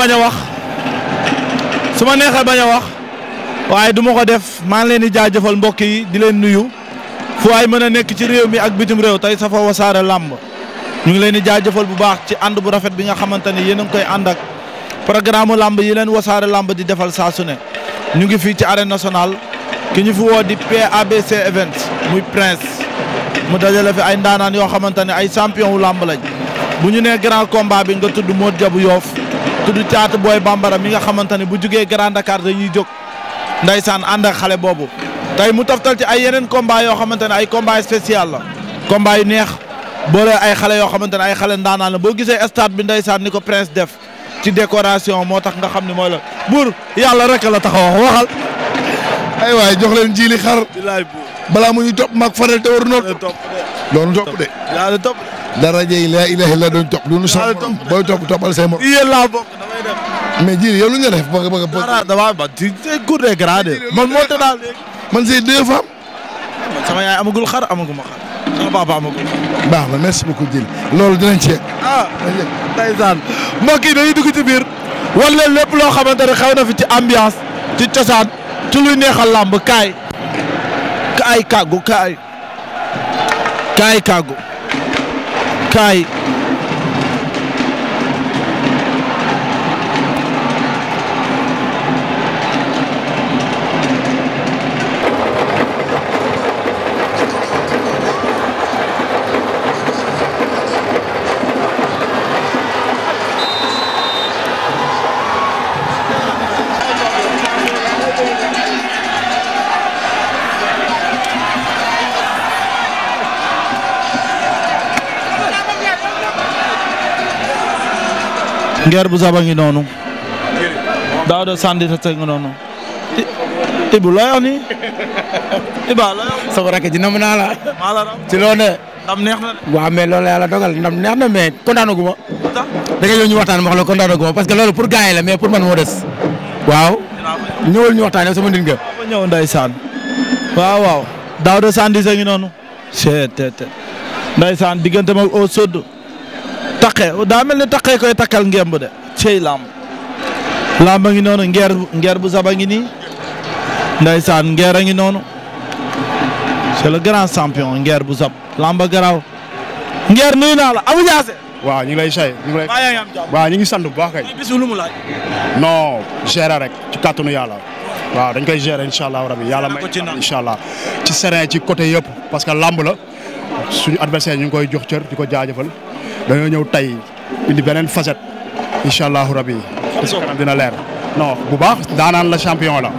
bañ a wax su ma neexee bañ a wax waaye duma ko def maa ngi leen di jaajëfal mbokk yi di leen nuyu fu waay mën a nekk ci réew mi ak bitim réew tey safa wasaare làmb ñu ngi leen di jaajëfal bu baax ci ànd bu rafet bi nga xamante ni yéen a ngi koy ànd ak programme làmb yi leen wasaare làmb di defal saa ne ñu ngi fii ci arène national ki ñu fi woo di PABC event muy prince mu dajale fi ay ndaanaan yoo xamante ne ay champion wu làmb lañ bu ñu nee grand tudd caatu booy bambara mi nga xamante ne bu jugee Grand Dakar dañuy jóg ndaysaan ànd ak xale boobu tey mu taftal ci ay yeneen combat yoo xamante ne ay combat spécial la combat yu neex boole ay xale yoo xamante ne ay xale ndaanaan la boo gisee stade bi ndaysaan ni ko prince def ci décoration moo tax nga xam ne mooy la buur yàlla rek la tax a wax waxal ay waay jox leen jiili xar balaa mu ñu topp mag faral te waru noot loolu de daraja yi laa ilaaha illa doon topp. lu nu soxla booy topp toppal say mor. yéen laa bokk damay def. mais jiir yow lu nga def bëgg bëgg. dara damaa ba ci cour des grands man moo te daal man c'est deux femmes. man sama yaay amagul xar amaguma xar. sama papa amagul. baax na merci beaucoup Diène loolu dinañ ci yegg. ah ndeysaan mbokk yi dañuy dugg ci biir. wala leen lépp loo xamante ne xew na fi ci ambiance ci cosaan ci luy neexal làmb kaay. kaay kàggu kaay. kaay kàggu. kaay ngeer bu zaba ngi noonu Daouda Sandi tata ngi noonu Ibou looy wax ni a looy wax sama rakk ji nam naa la maa la ci loo dogal ndam neex na mais kontaanu gu ma da nga ñëw ñu waxtaan ma wax la kontaanu gu ma parce que loolu pour gars yi la mais pour man moo waaw ñëwal ñu waxtaan sama nit nga ñëw ndeysaan waaw waaw Daouda Sandi sa ngi noonu seet seet taqe daa mel ni taqe koy takkal ngemb de cey lamb lamb ngi noonu ngeer ngeer bu saba ngi nii ndeysaan ngeer a ngi noonu c'est le grand champion ngeer bu sab lamba garaaw ngeer nuyu naa la Abou Diassé waaw ñi ngi lay say ñu ngi sant bu baax kay bisu rek ci kàttanu yàlla waaw dañ koy gérer incha allah yàlla may incha allah ci serein ci côté yëpp parce que lamb la suñu adversaire ñu ngi koy jox cër di ko jaajëfal dañoo ñëw tey indi beneen facette incha allahu rabi. kanam leer non bu baax daanaan la champion la.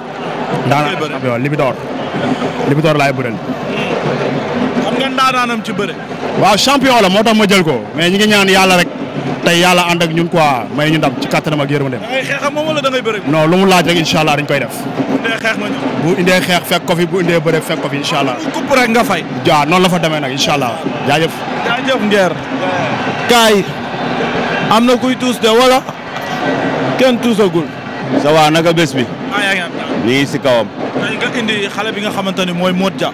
daanaan la champion Libidoor Libidoor lay bëreel. xam nga daanaanam ci bëre. waaw champion la moo tax ma ko mais ñi ngi ñaan yàlla rek. tey yàlla ànd ak ñun quoi may ñu ndam ci kattanam ak yërmandeem. da ngay xeex ak moom wala da ngay bëre. lu mu laaj rek incha allah dañ koy def. bu indee xeex nga fekk ko fi bu indee bëre fekk ko fi incha allah. rek nga fay. waaw noonu la fa demee nag incha allah jaajëf. jaajëf Nguer. am na kuy tuus de wala kenn tuusagul. ça nag a bés bi. ah si kawam. tey xale bi nga xamante ni mooy Modja.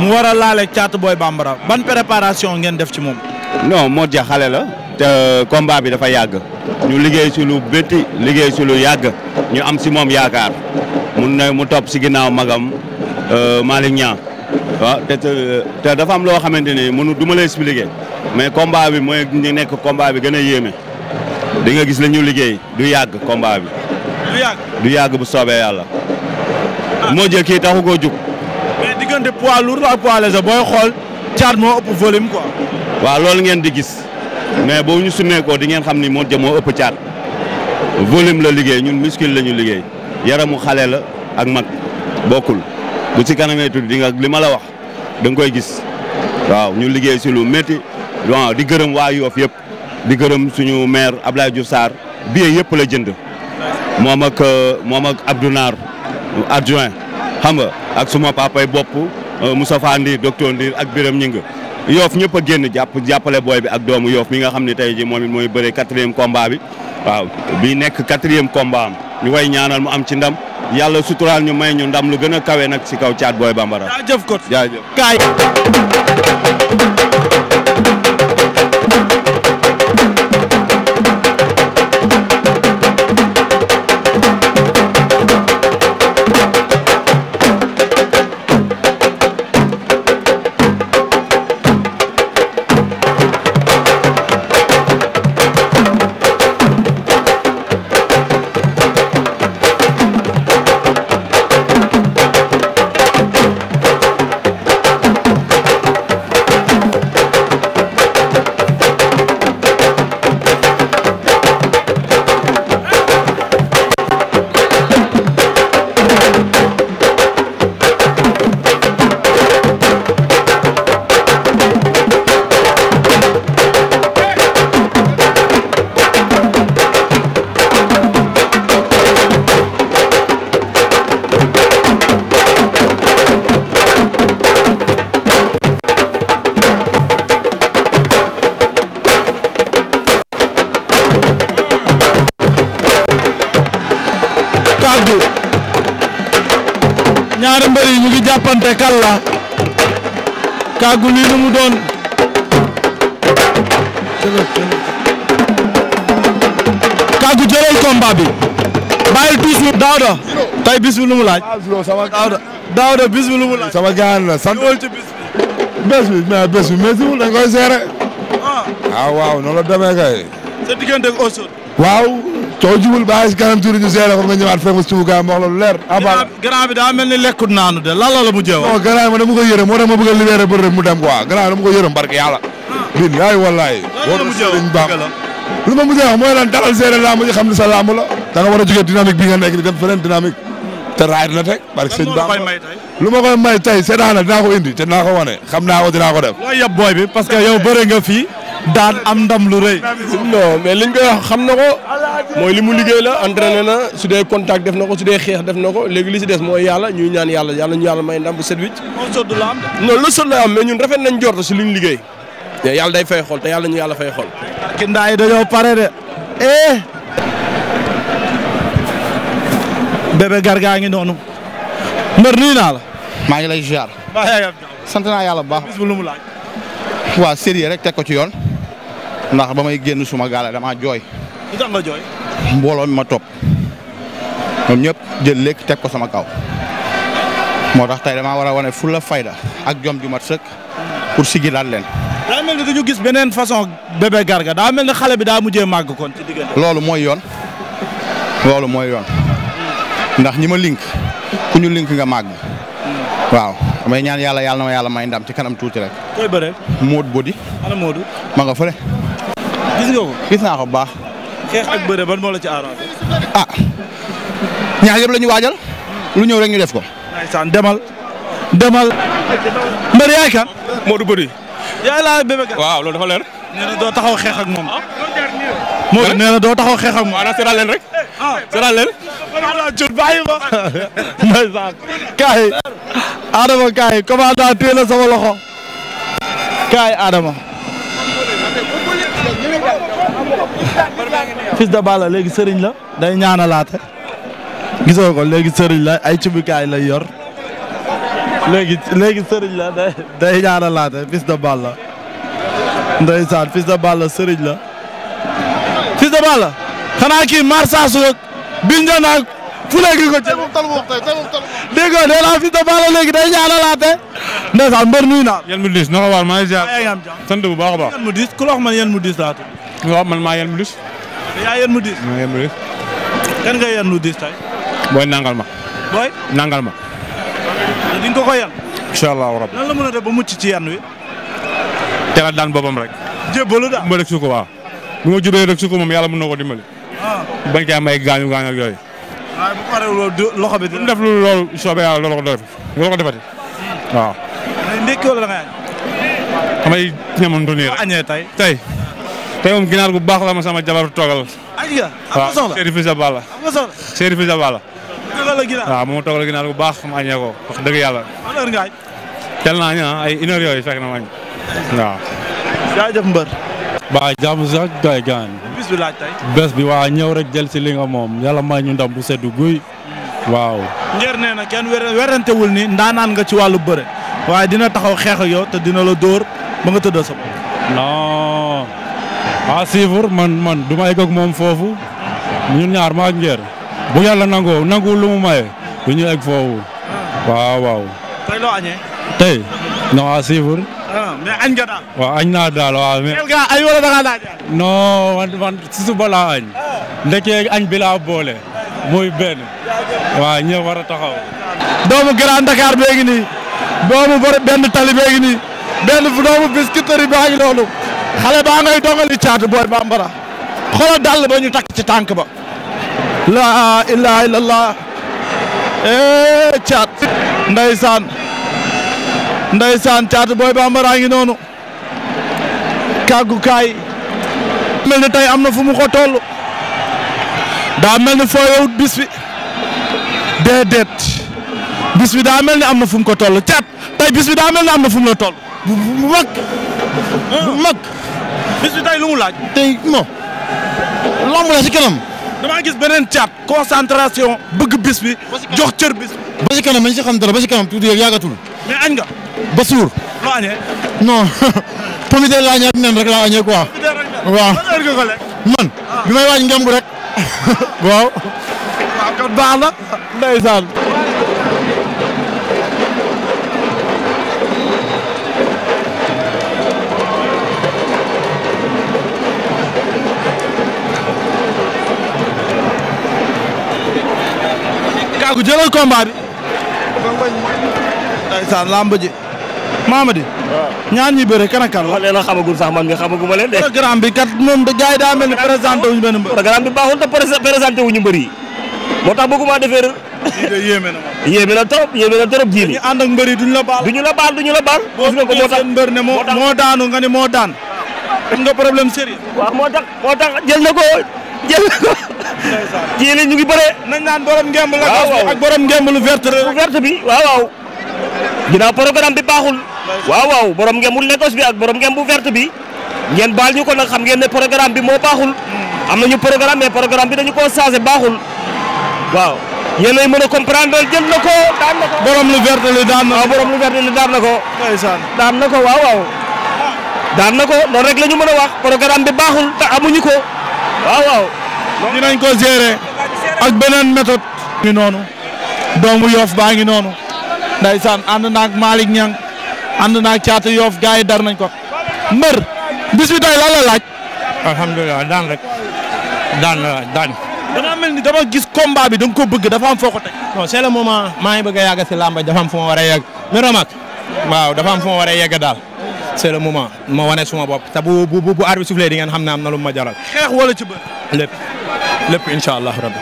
mu war a laale caat booy bambara ban préparation ngeen def ci moom. non Modja xale la. te combat bi dafa yàgg ñu liggéey si lu bëtti liggéey si lu yàgg ñu am si moom yaakaar mun na mu top si ginnaaw magam euh, Malick Niang waaw te te am loo xamante ni mënu du ma la expliquer mais combat bi mooy ñu nekk combat bi gën a yéeme di gis la ñu liggéey du yàgg combat bi. du yàgg bu soobee yàlla. Ah. moo jël kii taxu koo jug. diggante poids lourd ak poids léger booy xool caat moo ëpp volume quoi. waaw loolu ngeen di gis. mais boo ñu sumeekoo di ngeen xam ni moo jëmoo ëpp caat volume la liggéey ñun muscle la ñu liggéey yaramu xale la ak mag bokkul bu ci kanamee tudd di nga li ma la wax da koy gis waaw ñu liggéey si lu métti waaw di gërëm waa Yoff yëpp di gërëm suñu maire Abdoulaye Diouf Sarr yëpp la jënd moom ak moom ak Abdou Naar adjoint xam nga ak suma papay bopp Moussa Fandi docteur Ndir ak Biram Ñing yoof ñëpp a génn jàpp jàppale booy bi ak doomu yoof mi nga xam ne tey ji moom it mooy bëre quatrième combat bi waaw bi nekk quatrième combat am ñu koy ñaanal mu am ci ndam yàlla suturaal ñu may ñu ndam lu gën a kawe nag ci kaw caat booy bambara jaajëf kot jaajëf kaay lu mu laaj. Daawda Daawda bis bi lu mu laaj. sama gaan la sant ci bis bi. bés bi mais bés bi mais si dañ koy seere. Ah. ah waaw noonu la demee kay. sa diggante ak Ousseyn. waaw coow jubul bàyyi si kanam tuuti ñu seere ko nga ñëwaat fekk si gaa ma wax la lu leer. abal ah, grand bi daa mel ni lekkut naanu de lan la la mujjee wax. non grand bi ma dama ko yërëm moo tax ma bëgg a libéré bër rek mu dem quoi grand bi dama ko yërëm barke yàlla. Ah. billaay wallaay. lan la mujjee wax lu ma mujjee wax mooy lan dalal seere làmb ji xam ne sa làmb la. da nga war a jógee dynamique bi nga nekk di dem feneen dynamique te raay la teg. barke sëñ lu ma koy may tey seetaan la indi te dinaa wane xam naa ko dinaa ko def. parce que yow bëre nga daan am ndam lu rëy. non mais liñ koy wax xam na ko li mu liggéey la entraîné na su dee contact def na ko su dee xeex def na ko léegi li si des mooy yàlla ñuy ñaan yàlla yàlla ñu yàlla may ndam bu set wicc. non lu sot la am mais ñun rafet nañ jort si liñ liggéey. yàlla day fay xol te yàlla ñu yàlla fay xol. ki ndaay dañoo pare de eh! Bébé Garga ngi noonu. mbër nuyu naa la. maa ngi lay ziar. sant naa yàlla bu baax. bis bu lu mu waa sérieux rek teg ko ci yoon. ndax ba may génn suma gaale damaa jooy. li nga jooy. mbooloo mi ma topp. ñoom ñëpp jël lekk teg ko sama kaw. moo tax tey damaa war a wane fulla fayda. ak jom ju mat sëkk. pour sigi daal leen. daa mel ni dañu gis beneen façon bébé garga daa mel ni xale bi daa mujjee màgg kon ci loolu mooy yoon. loolu mooy yoon. ndax ñi ma link ku ñu link nga màgg waaw damay ñaan yàlla yàlla na ma yàlla may ndam ci kanam tuuti rek. koy bëre. Modou Bodi. ana Modou. ma bu baax. xeex ak bëre ban moo ah ñaar yëpp la waajal. lu ñëw rek ñu def ko. ndeysaan demal. demal. mbër yaay kan. Modou Bodi. yaay laa bébé kan. waaw loolu dafa leer. doo taxaw xeex ak moom. Ah. Modou nee ah seetaan leen. ndeysaan kaay Adama kaay commandant téye na sama loxo kaay Adama. fils de Balla léegi sëriñ la day ñaanalaate gisoo ko léegi sëriñ la ay cubukaay lay yor léegi léegi sëriñ la day day ñaanalaate fils de Balla ndeysaan fils de Balla sëriñ la fils de xanaa kii marsaasu ak biñ doon ak ko jël dégg nga nee naa fi dafa la léegi day ñaanalaate ndeysaan mbër nuyu naa yéen mu diis naka waar maa ngi bu baax baax yéen mu diis ku la wax man yéen mu diis laa man maa yéen mu diis maa yéen mu diis kan nga yéen mu diis tey booy nangal ma booy nangal ma di nga ko ko yan mucc ci yan wi teel a daan boppam rek jébbalu daal ma ko waaw bu ma rek su yàlla mën na ko dimbali bañ caa may gaañu gaañu ak yooyu. waaye bu paree loolu loxo bi. def lu loolu ko def loolu ko defati waaw. ndékki wala da tey tey. tey moom ginaar gu baax la ma sama jabar toogal. añ nga am soxla waaw Serigne Fisa Balla. am soxla Serigne Fisa Balla. toogal la ginaar baax ko wax dëgg yàlla. ban heure naa ñu ah, ay yooyu fekk na ma añ waaw. waaw jàmm si ak gay gaan bés bi laaj tey. bés bi waa ñëw rek jël si li moom yàlla may ñu ndam bu seddu guy. waaw. Nder nee na kenn werantewul ni ndaanaan nga ci wàllu bëre waaye dina taxaw xeex ak yow te dina la dóor ba nga tëdd sa bopp. non. ah siifur man man du ma moom foofu ñun ñaar ma ak bu yàlla nangoo nanguwul lu mu maye du ñu egg foofu ah. waaw waaw. tey loo añee. siifur. ah mais añ nga daal. waaw añ naa daal waaw. mais teel ngaa añ wala da ngaa daal. añ. Ah. ndekee añ bi boole. muy benn. waaw ñëw war a taxaw. doomu Grand Dakar bee ngi doomu benn tali bee ngi benn doomu biscuiterie baa ngi noonu. xale baa ngay dongali booy bambara. xoolal dàll ba ñu takk ci tànk ba. laa ilaaha illallah. ee eh, caat. ndeysaan. ndeysaan caatu booy bambara ngi noonu kàggu kaay mel ni tey am na fu mu ko toll daa mel ni fooyewut bis bi déedéet bis bi daa mel ni am na fu mu ko toll caat tey bis bi daa mel ni am na fu mu la toll bu mag ah. bu mag bis bi tey lu mu laaj tey mo lamb la ci kanam damaa gis beneen caat concentration bëgg bis jox cër bis bi ba ci kanam dañ ci xam dara ba ci kanam tuuti yëpp yàggatul mais añ nga. ba suur. nen rek laa añee quoi. waaw man. Ah. bi may waaj ngemb waaw. waaw ah, kon baax ndeysaan lamb ji Mamadi. waaw ñaan ñi bëre kan ak kan. wax leen a xamagul sax man nga xamaguma leen de. programme bi kat moom da gars yi daa mel ni présenté wuñu benn mbër. programme bi baaxul te présenté wuñu mbër yi. moo tax bëgguma a rek. lii de yéeme na moom. yéeme na trop yéeme na trop jiili. ñu ànd ak mbër yi duñu la baal. duñu la baal la baal. gis nga ko moo tax mbër ne moo moo daanu nga ne moo daan. nga problème sérieux. waaw moo tax jël na ko jël ñu bëre. nañ naan borom ngemb la. waaw waaw ak lu verte. bi waaw waaw ginnaaw programme bi baaxul waaw waaw borom ngeen bu négoce bi ak borom ngeen bu verte bi ngeen baal ñu ko nag xam ngeen ne programme bi moo baaxul am nañu programme mais programme bi dañu koo changé baaxul waaw yéen mën a comprendre jël na ko daan na ko borom lu verte li daan na ko borom lu verte daan na ko ndeysaan daan na ko waaw waaw daan na ko loolu rek lañu mën a wax programme bi baaxul te amuñu ko waaw waaw dinañ ko gérer ak beneen méthode mi noonu doomu Yoff baa ngi noonu ndaysaan ànd naag Malick Niang ànd naag caatu yoof gars yi dar nañ ko mbër bis bi la laaj. alhamdulilah daan rek daan daan. danaa mel ni dama gis combat bi da nga ko bëgg dafa am foo ko teg. non c'est le moment maa ngi bëgg a si làmba dafa fu ma war a yegg mi ramak waaw dafa fu ma war a daal c'est le moment ma wane suma bopp te bu bu bu arbitre bi xam ne am na lu ma jaral. xeex wala ci bër. lépp lépp incha rabbi.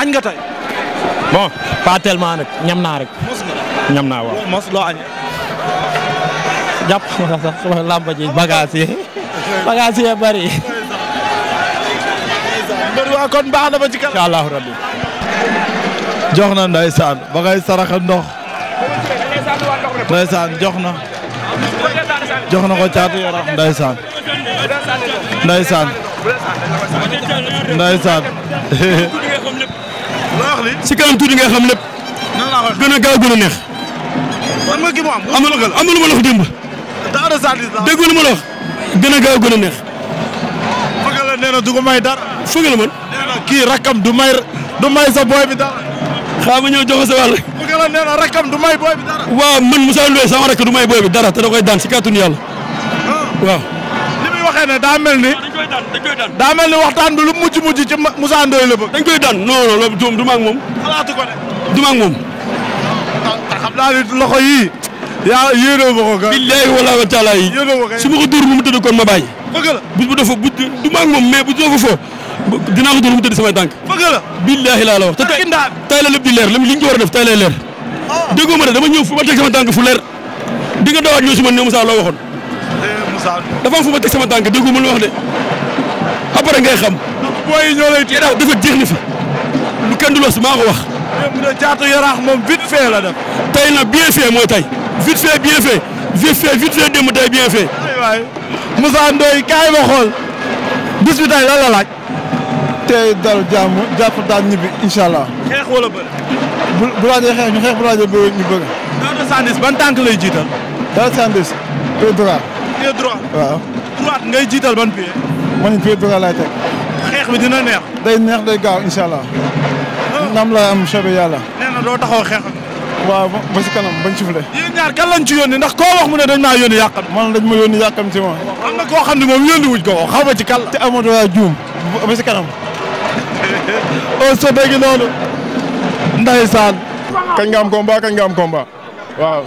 añ nga bon pas tellement nag ñam ñam naa waaw. mos loo añ. jàpp nga sax sama làmb ji bagage yi bagage yi bari. mbër waa kon baax na ba ci kanam. incha allahu rabbi. jox na ndeysaan ba ngay saraxa ndox. ndeysaan jox na. jox na ko caatu yarax ndeysaan. ndeysaan. ndeysaan. si kanam tuuti nga xam lépp. gën a gaaw gën a neex. man ma kii mu am. am lu am na lu ma la wax démb. daara Sadio Deme dégg ma la wax. gën a gaaw a neex. Feugeleu nee na du ko dara. Feugeleu man. kii rakkam du may du may sa boy bi dara. xaaral ma ñëw jox sa wàll. Feugeleu nee rakkam du may boy bi dara. waaw man Moussa Ndoye du may boy bi dara te koy daan si kàttanu yàlla. Ah. waaw. li muy ne daa ni. Ah, dañ daa mel ni waxtaan bi lu mujj mujj ci Moussa Ndoye la bëgg. dañ koy daan non non loolu du ma ak moom. xalaatu moom. am naa ni loxo yii. yaa yéenoo ma ko gàllankoor billahi wala wa taala yi. yéenoo ma ko su ma ko dóor bu mu tëdd kon ma bàyyi. bëgg la bu bu dafa du ma moom mais bu dafa fo dinaa ko dóor bu mu tëdd samay tànk. bëgg la billahi laa la wax. te tey tey la lépp di leer li ñu war a def tey lay leer. Ah. déggoo de dama ñëw fu ma teg sama tànk fu leer di nga dawaat ñëw si man ne Moussa loo waxoon. Eh, dafa am fu ma teg sama tànk déggoo ma lu wax de après ngay xam. booy yi ñoo lay. dafa jeex fi lu kenn du los maa ko wax démb de caatu yaraax moom vite fait la def. tey nag bien fait mooy tey. vite fait bien fait. vite fait vite bien fait. waay Moussa Ndoye kaay ma xool. bis bi tey lan la laaj. tey dal jàmm jàpp daal ñibbi incha allah. xeex wala bëri. bu bu laajee xeex ñu xeex bu laajee bëri ñu bëgg. ban tànk lay jiital. Dodo Sandwich. pied droit. ngay jiital ban pied. man pied droit laay teg. xeex bi dina neex. day neex day gaaw incha allah. ndam laa am soobee yàlla. nee na doo taxaw xeex waaw ba si kanam bañ sufle yéen ñaar kan la ci yónni ndax koo wax mu ne dañ maa yónni yàqam man dañ ma yónni yàqam ci ma koo xam ne moom yónni wuj ko xaw ma ci kal te Amadou waa Dioum ba si kanam o so dégg noonu ndeysaan kañ nga am combat kañ nga am combat waaw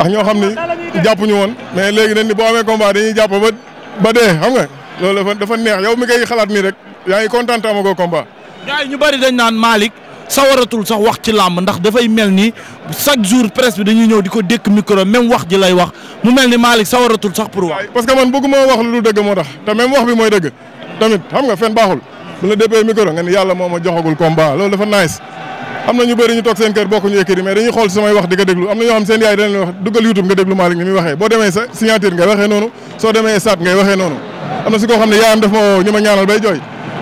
ax ñoo xam ni jàppuñu woon mais léegi dañ ni boo amee combat dañuy jàpp ba ba dee xam nga loolu dafa neex yow mi koy xalaat nii rek yaa ngi kontaan te amagoo combat gars yi ñu bari dañ naan Malick sawaratul sax wax ci làmb ndax dafay mel ni chaque jour presse bi dañuy ñëw di ko dékk micro même wax ji lay wax mu mel ni Malick sawaratul sax pour wax. parce que man bëgguma wax lu dul dëgg moo tax te même wax bi mooy dëgg tamit xam nga fen baaxul bu la déppee micro nga ni yàlla moo ma joxagul combat loolu dafa nice am na ñu bëri ñu toog seen kër bokkuñu écrit mais dañuy wax di ko déglu am na ñoo xam wax duggal YouTube déglu am na si ne yaayam daf ma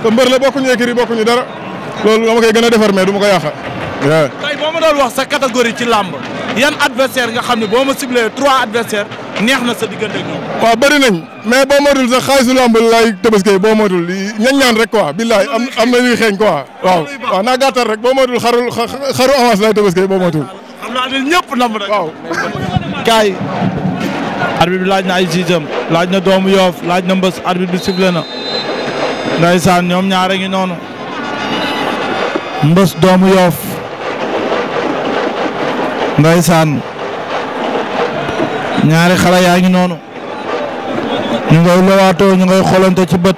te mbër la bokkuñu écurie bokkuñu dara loolu dama koy gën a defar mais du ma ko yàqa tey boo ma wax sa katagori ci làmb yan adversaire nga xam ne boo ma ciblé trois adversaires neex na sa diggante ak ñoom waaw bëri nañ mais boo moytul sax xaalisu làmb laay tëbaskey boo moytul ñañ ñaan rek ko billaay am am na ñuy xeeñ quoi waaw waaw naa gàttal rek boo moytul xarul xaru avance laay tëbaskey boo moytul xam naa ne ñëpp lamb na ay siisam laaj na mba yoof laaj na mbës arbitre na saan ñoom ñaar a ngi noonu mbës doomu yoof ndaysaan ñaari xale yaa ngi noonu ñu ngay lewaatoo ñu ngay xolante ci bët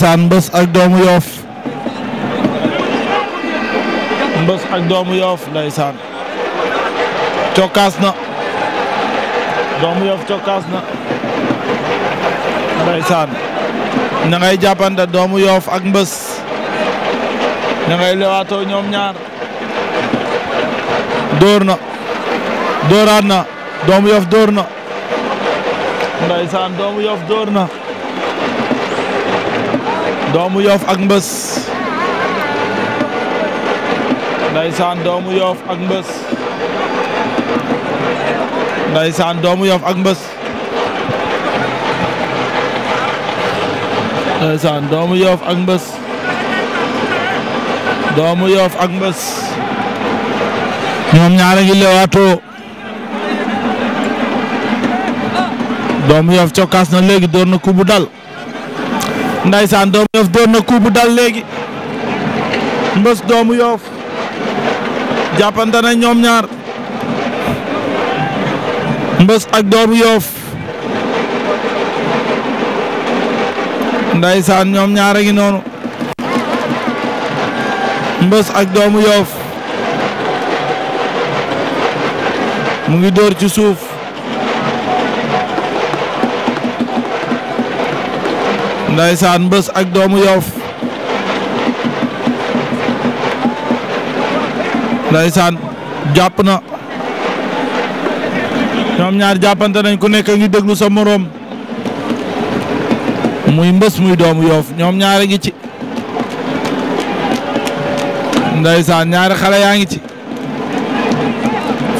saan mbës ak doomu yoof mbës ak doomu yoof ndaysaan cokkaas na doomu yoof cokkaas na ndeysaan ña ngay jàppante doomu yof ak mbës ña ngay lewaatoo ñoom ñaar dóor na dóoraat doomu yof dóor na ndeysaan doomu yoof dóor na doomu yof ak mbës ndeysaan doomu yoof ak mbës ndeysaan doomu yoof ak mbës ndeysaan doomu yoof ak mbës yoof ak mbës ñoom ñaar a ngi lewaatoo doomu yoof cokkaas na léegi door na kubu dal ndeysaan doomu yoof door na dal léegi mbës doomu yoof jàppante ñoom ñaar mbës ak doomu yoof ndeysaan ñoom ñaar a ngi noonu mbës ak doomu yoof mu ngi door ci suuf ndeysaan mbës ak doomu yoof ndeysaan jàpp na ñoom ñaar jàppante nañ ku nekk a ngi déglu sa moroom muy mbës muy doomu yoof ñoom ñaari gi ci ndeysaan ñaari xale yaa ngi ci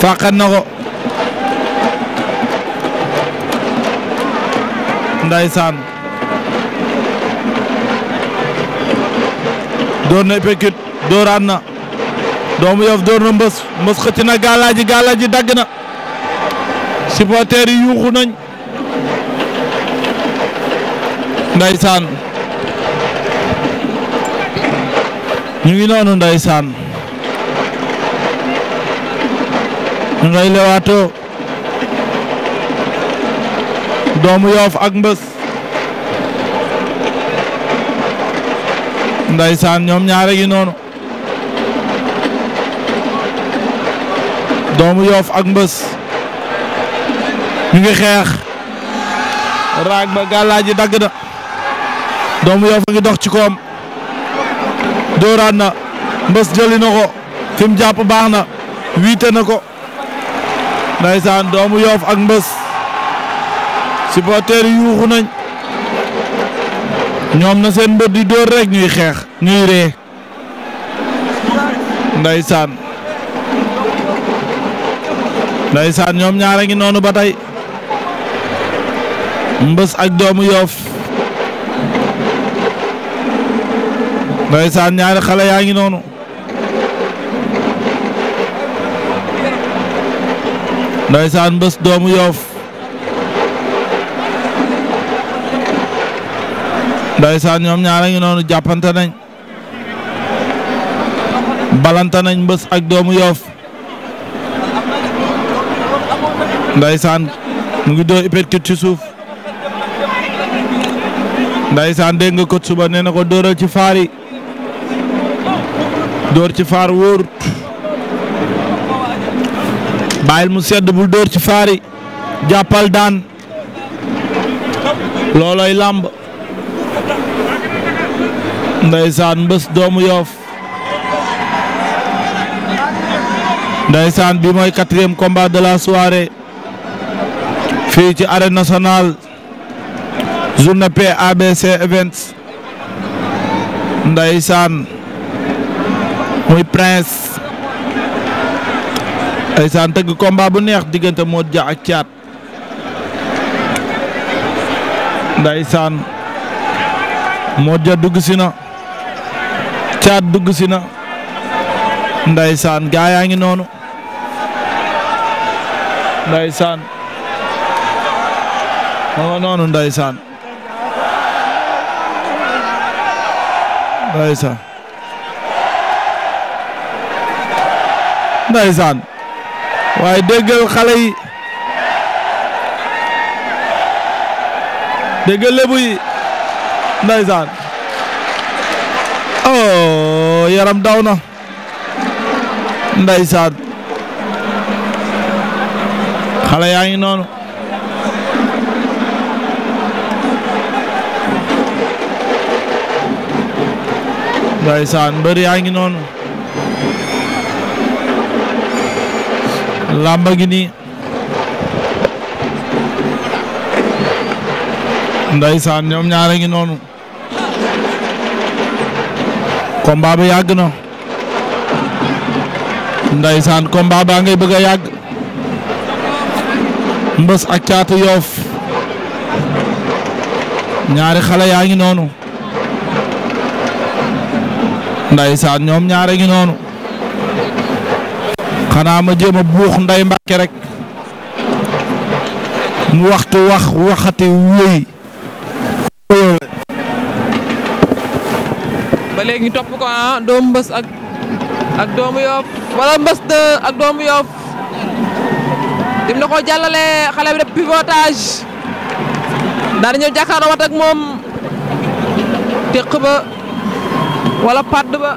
fàqat na ko ndeysaan door na épékut dooraat na doomu yoof door na mbës mbës xëcc na gaalaaji gaalaaji dagg na supporters yuuxu nañ Ndeysaan ñu ngi noonu Ndeysaan ñu ngay lewaatoo doomu yoof ak mbës ndaysaan ñoom ñaare gi noonu doomu yoof ak mbës ñu ngi xeex raag ba gàllaa ji dagg doomu Yoff a ngi dox ci koom dóoraat na mbës jëli na ko fi jàpp baax na wiite na ko ndaysaan doomu Yoff ak mbës supporters yi yuuxu nañ ñoom na seen mbër di dóor rek ñuy xeex ñuy ree ndaysaan ndaysaan ñoom ñaara ngi noonu ba tey mbës ak doomu yoof ndeysaan ñaari xale yaa ngi noonu ndeysaan bés doomu yoof ndeysaan ñoom ñaara ngi noonu jàppante nañ balante nañ bés ak doomu yoof ndeysaan mu ngi doo ipet kit ci suuf ndeysaan dégg nga kot suba nee ko dóoral ci faar door ci faar wóorut bàyyil mu sedd bul door ci faar yi jàppal daan loolooy làmb ndeysaan mbës doomu yoof ndeysaan bi mooy quatrième combat de la soirée fii ci arène nationale journée PABC events ndeysaan muy prince ndeysaan tëgg combat bu neex diggante Modou Dia ak Thiat ndeysaan Modou Dia dugg si na Thiat dugg si na ndeysaan gaa yaa ngi noonu ndeysaan ma nga noonu ndeysaan ndeysaan ndeysaan waaye déggal xale yi déggal lébu yi ndeysaan oh yaram daw na ndeysaan xale yaa ngi noonu ndeysaan mbër yaa ngi noonu làmba ngi nii ndeysaan ñoom ñaare gi noonu combat bi yàgg na ndeysaan combat baa ngay bëgg a yàgg mbës ak caatu yoof ñaari xale yaa ngi noonu ndeysaan ñoom ñaare ngi noonu xanaa ma jéem a buux nday Mbàkke rek mu waxtu wax waxati wéy. ba léegi topp ko ah doomu mbës ak ak doomu yoof wala mbës de ak doomu yoof dim na ko jàllale xale bi de pivotage daal di ñëw jàkkaarloo wat moom teq ba wala padd ba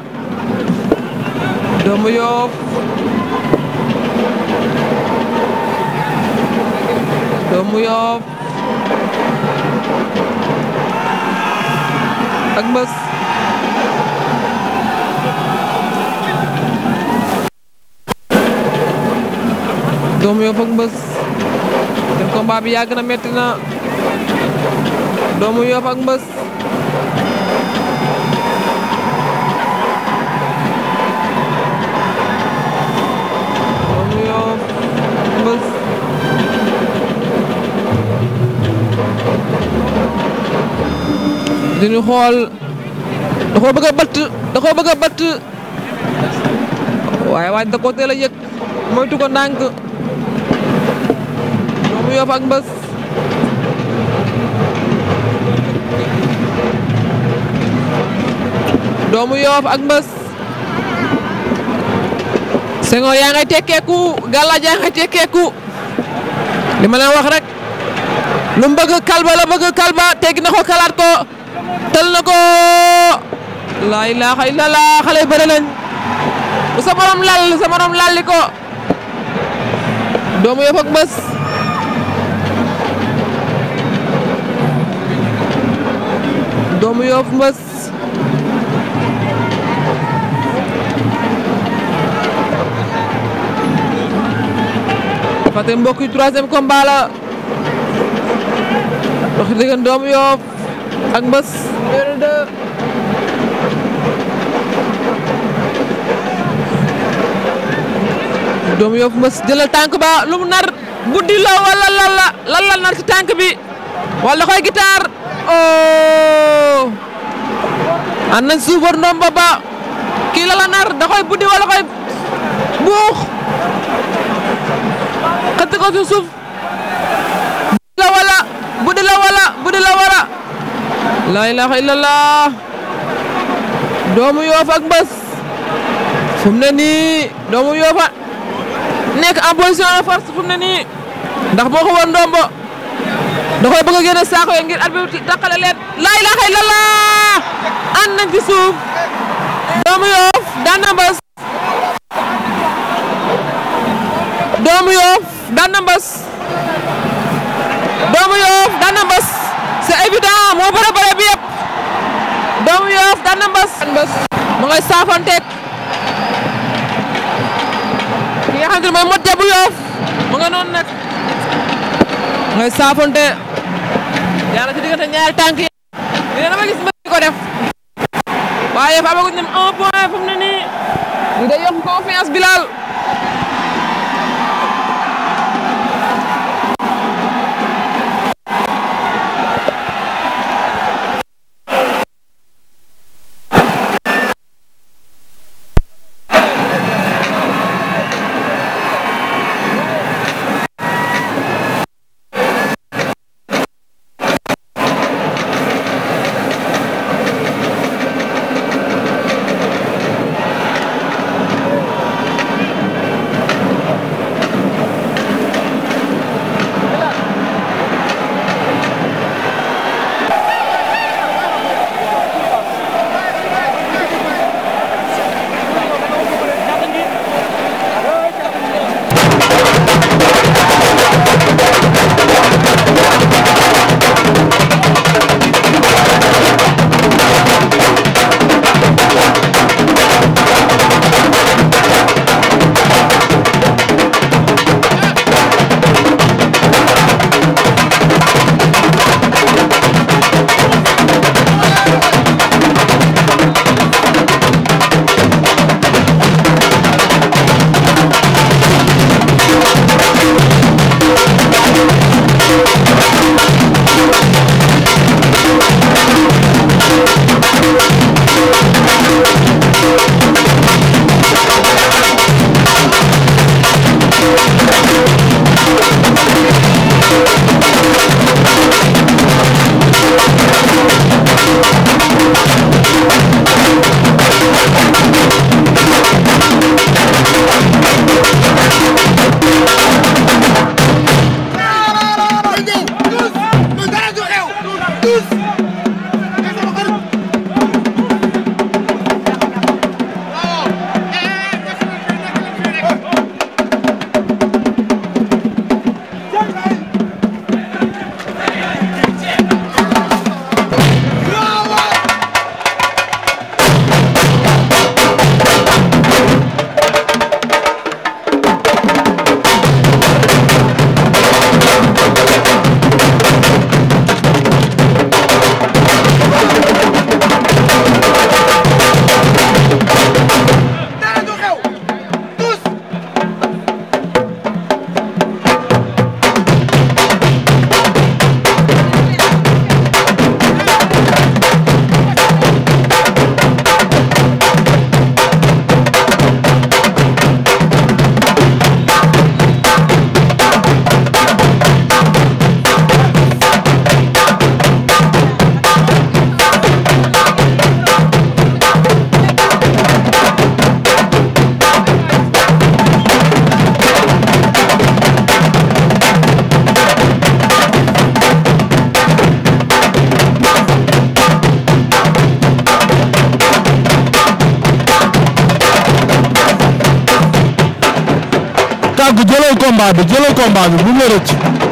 doomu yoof doomu yoof ak mbës doomu yoof ak mbës seen bi yàgg na metti na doomu yoof ak mbës di ñu xool da koo bëgg a bëtt da koo bëgg a waaye waaj da koo teel yëg moytu ko ndànk doomu Yoff ak Mbës doomu Yoff ak Mbës Senghor yaa ngay tekkeeku gàllaaj yaa ngay tekkeeku li ma leen wax rek lu mu bëgg kalba la bëgg kalba teggi na ko kalaat ko tal na ko laa ilaaha illallaah xale yu bëri nañ bu sa morom lal sa morom lalli ko doomu yëf ak bés doomu yoof mbës fate mbokk yi troisième combat la wax dëgg doomu yoof ak mbës Build up. doomu Yoff Mbeus jëlal tànk ba lu mu nar buddi la wala lan la nar ci tànk bi wala koy gitaar oh an nañ suufar ndomba ba kii la la nar da koy buddi wala koy buux xëtt ko suuf. la ilaha illallah doomu yoof bës fu ne nii doomu yoofa nekk en position de force fu ne nii ndax boo ko woon ndombo da koy bëgg a génne saako yi ngir at bi taqale leen la ilaha illallah ànd nañ suuf doomu yoof daan bës doomu yoof daan bës doomu yoof daan na bës doomu Yoff daan na mbës. mbës mu ngay saafanteeg ki nga mooy mot bu Yoff mu nga noonu nag mu ngay saafante yàlla ci diggante ñaari tànk yi. dina dama gis mbër di def waaye fa amaguñ ne un point fu mu ne nii. ñu de yokk confiance Bilal. combat bi jëlal combat bi bu mu la rëcc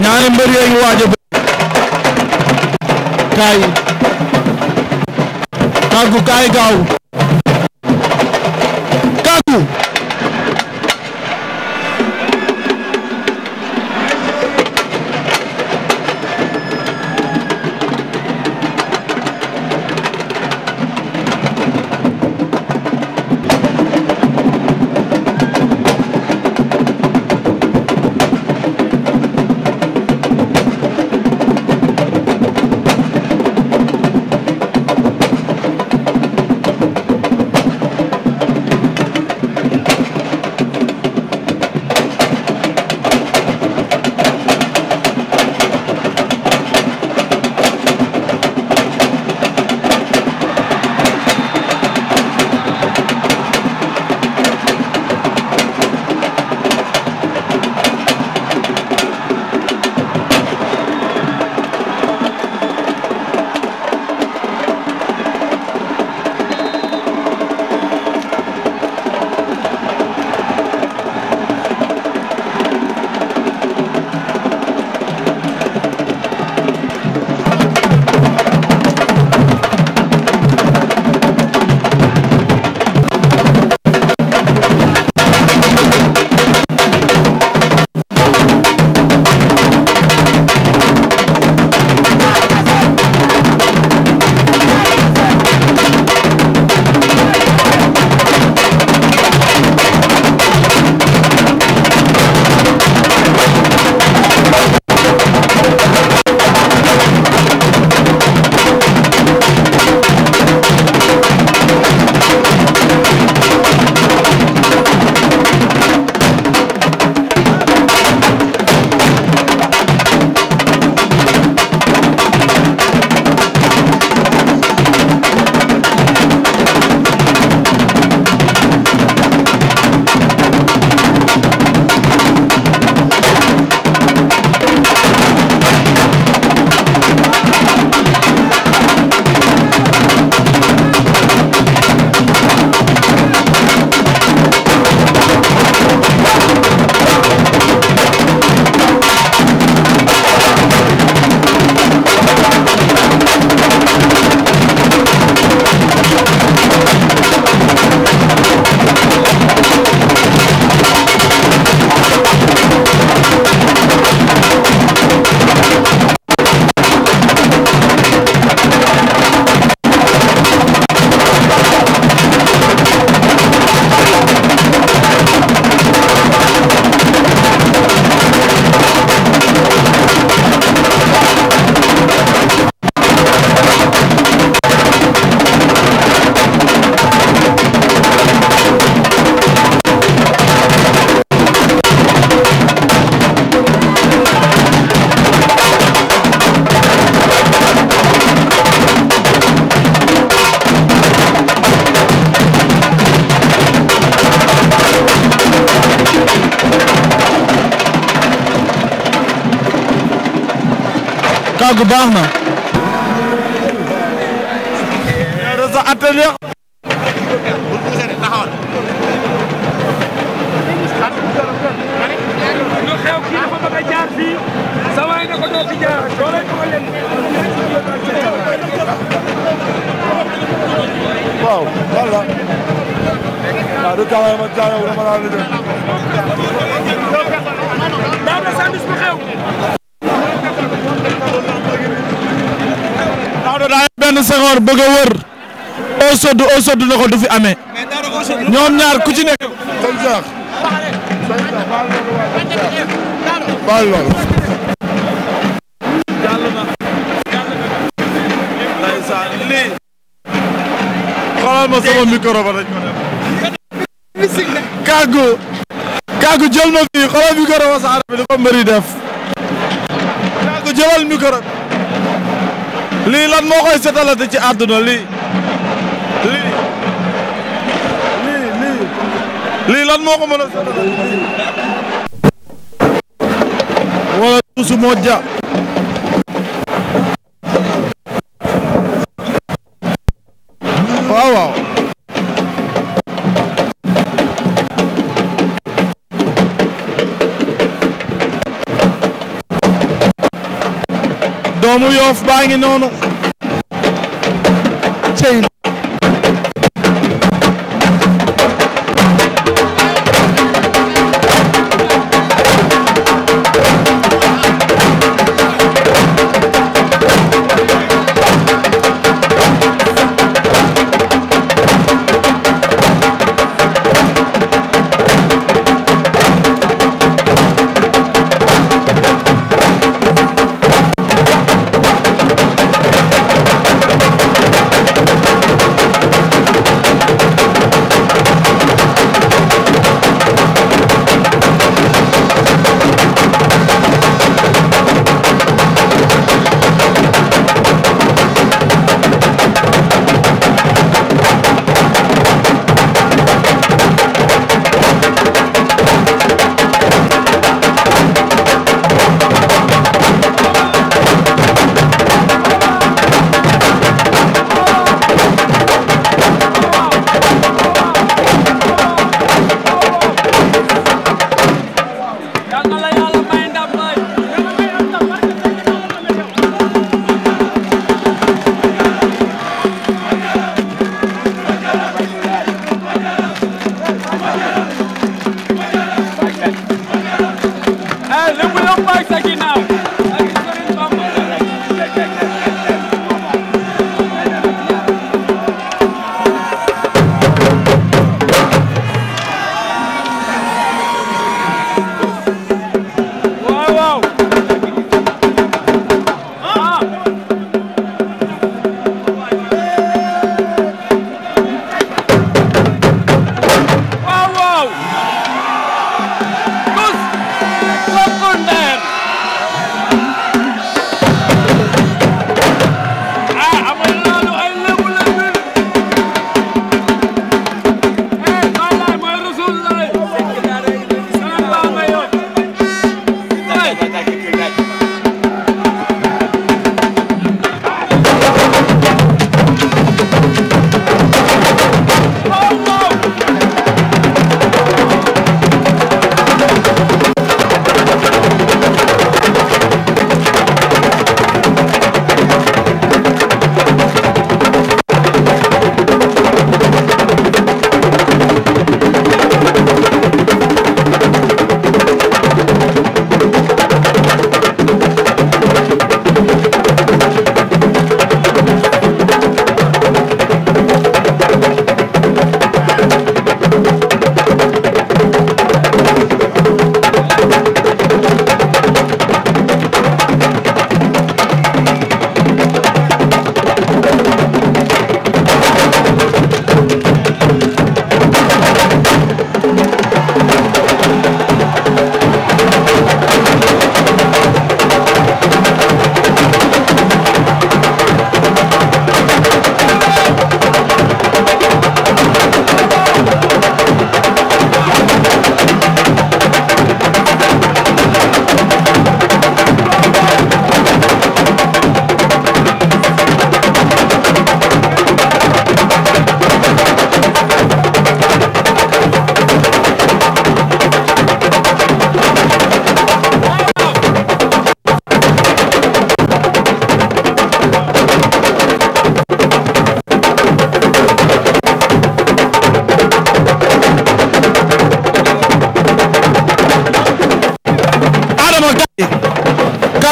ñaari mbër yooyu waaj a kaay kàggu kaay gaaw kàggu sedd na ko du fi amee ñoom ñaar ku ci nekk. baal loolu xoolal ma sama micro ba dañ ko def. kàggu kàggu jël ma fii xoolal micro ba sax bi dafa mbëri def. kàggu jëlal micro. lii lan moo koy setalate ci àdduna lii. lan moo mën a sori. wala Touche Modja. waaw waaw. doomu Yoff baa ngi noonu.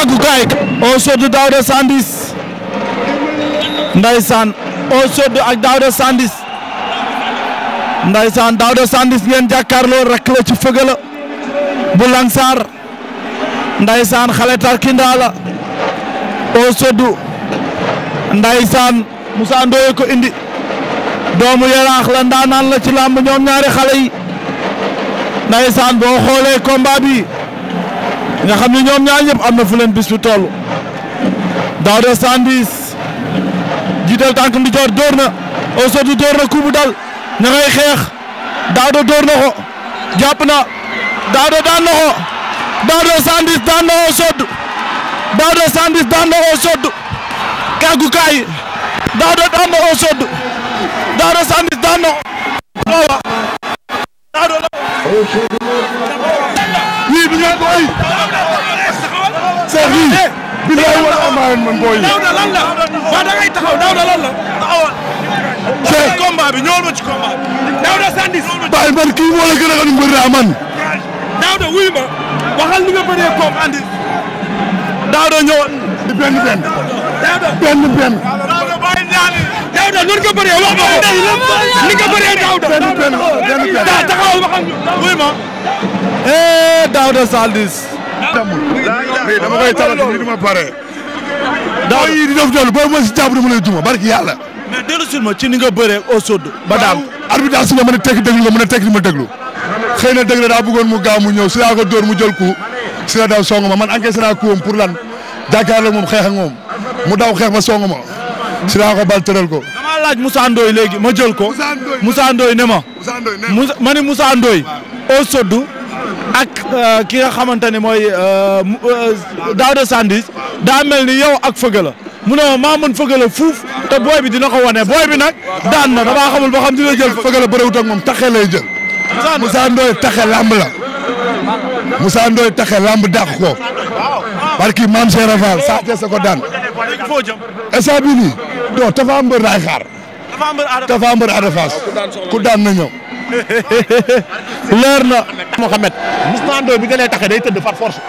tàggu kaay au sud Daouda Sandis ndaysaan au sud ak Daouda Sandis ndaysaan Daouda Sandis ngeen jàkkaarloo rakk la ci fëgg la bu Lansar xale tarkindaa la au sud ndaysaan Moussa ko indi doomu yaraax la ndaanaan la ci làmb ñoom ñaari xale yi ndaysaan boo xoolee combat nga xam ne ñoom ñaar ñëpp am na fu leen bis bi toll Daouda Sandwich jiital tànk ndi joor door kubu dal ña xeex Daouda door na ko jàpp na Daouda daan na ko Daouda Sandwich daan na Ousseynou Daouda Sandwich daan na Ousseynou kàggukaay Daouda daan na Ousseynou Daouda Sandwich leen lan lan la. taxawoon. combat bi ma ci combat bi. Daouda Sandwich. bàyyi man kii moo la gën a xam mbër man. Daouda wuyu ma waxal ni nga bëree koom andi. Daouda ñëwoon. di benn benn. benn benn. Daouda bàyyi ñaari. Daouda noonu nga bëree wax ma ko. ni nga bëree Daouda. benn benn benn daa taxawal waxal ñu. wuyu ma. Daouda Sandwich. dama koy talati ni du ma pare. daaw yi di def doole booy ma si jàpp dama lay duma barki yàlla. mais dellusi ma ci ni nga bëree au sud. ba daan arbitre ma mën a tekki déglu nga mën a tekki ma déglu. xëy na dëgg la daa bëggoon mu mu ñëw si laa ko dóor mu jël ko si la ma man encaissé naa kuwam pour lan jàkkaarloo moom xeex ak moom mu daw xeex ma song ma si laa ko bal tëral ko. damaa laaj Moussa léegi ma jël ko. Moussa Ndoye ne ma. Moussa ma ne Moussa Ndoye. au sud ak euh, ki nga xamante ne mooy euh, euh, Daouda Sandwich daa mel ni yow ak fëgg la mu ne ma maa mën fëgg fuuf te booy bi dina ko wane booy bi nag daan na damaa xamul ba xam dina jël fëgg la bëriwut ak moom taxe lay jël. Moussa Ndoye taxe lamb la Moussa Ndoye taxe lamb dàq ko parce maam Cheikh Rafal saa tee sa ko daan instant bii nii non Tapha Mbeur xaar Tapha Mbeur Ada Fass ku daan na ñëw. leer na Mouhamed Moussa Ndoye bi nga lay taxe day tëdd par force.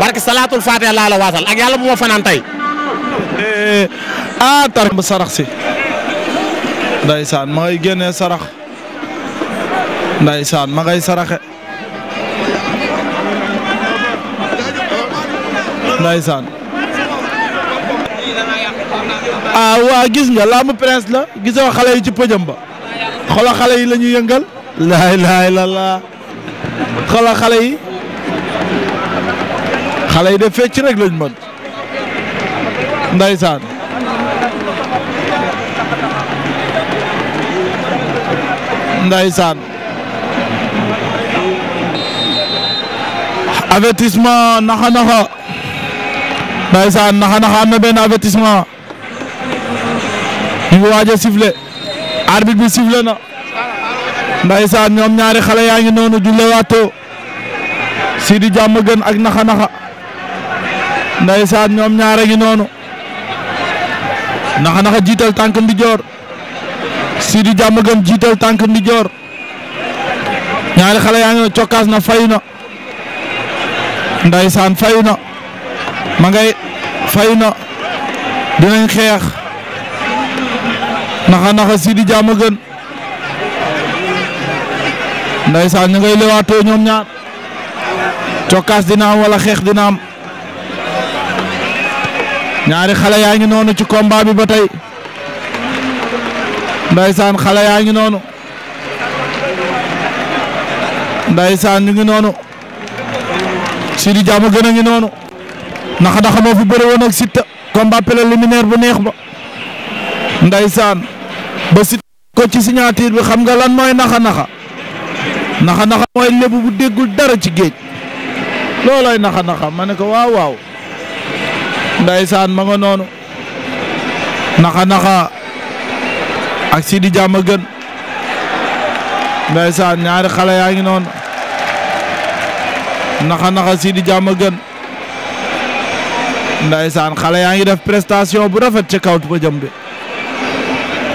barke salaatul faatiha laa la waasal ak yàlla bu ma fanaan tey. ah tar bu sarax si. ndaysaan ma ngay génnee sarax. ndaysaan ma ngay saraxe. ndaysaan. ah waa gis nga làmb prince la gisoo xale yi ci pëjëm ba. xoolal xale yi la ñuy yëngal. laay laay la laa xoolal xale yi de fecc rek lañ mën ndaysaan ndaysaan avertissement naxa naxa ndaysaan naxa naxa am na benn ngi waaj a sifflé arbitre bi sifflé na ndaysaan ñoom ñaari xale yaa ngi noonu julle waatoo Sidi Jàmm gën ak naxa naxa ndeysaan ñoom ñaare ngi noonu naxa jiital tànk ndijoor Sidi jàmm gën jiital tànk ndijoor ñaari xale yaa ngi ne cokkaas na fayu na ndeysaan fayu na ma ngay fayu na dinañ xeex naxa naxa Sidi jàmm gën ndeysaan ñu ngay lewaatoo ñoom ñaar cokkaas dina am wala xeex dina ñaari xale yaa ngi noonu ci combat bi ba tey ndaysaan xale yaa ngi noonu ndaysaan ñu ngi noonu Sidi Diama gën a ngi noonu naxa daxa moo fi bëre woon ak Siteu combat préliminaire bu neex ba ndaysaan ba Siteu ko ci signature bi xam nga lan mooy naxa naxa naxa naxa mooy lébu bu déggul dara ci géej loolooy naxa naxa ma ne waaw waaw Ndeysaan ma nga noonu naxa naxa ak si di jàmm gën Ndeysaan ñaari xale yaa ngi noonu naxa naxa si di jàmm gën Ndeysaan xale yaa ngi def prestation bu rafet ci kaw ba jëm bi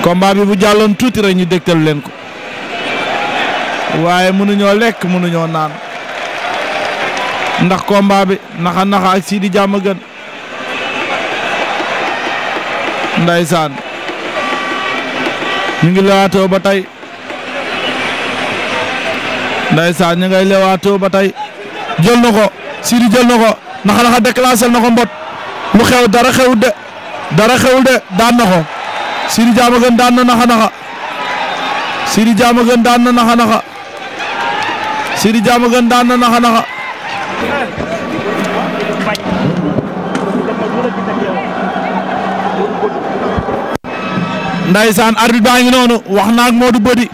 combat bi bu jàlloon tuuti rek ñu dégtal leen ko waaye mënuñoo lekk mënuñoo naan ndax combat bi naxa naxa ak si di jàmm gën. Ndeysaan ñu ngi lewaatoo ba tey Ndeysaan ñu ngay lewaatoo ba tey jël na ko Sidi jël ko naxa naxa déclenché na ko mbot lu xew dara xew de dara xewul de daan na ko Sidi gën daan na naxa naxa Sidi Diama gën daan na naxa naxa Sidi Diama gën daan na naxa naxa ndaysaan arbitre baa ngi noonu wax naag Modou Bodi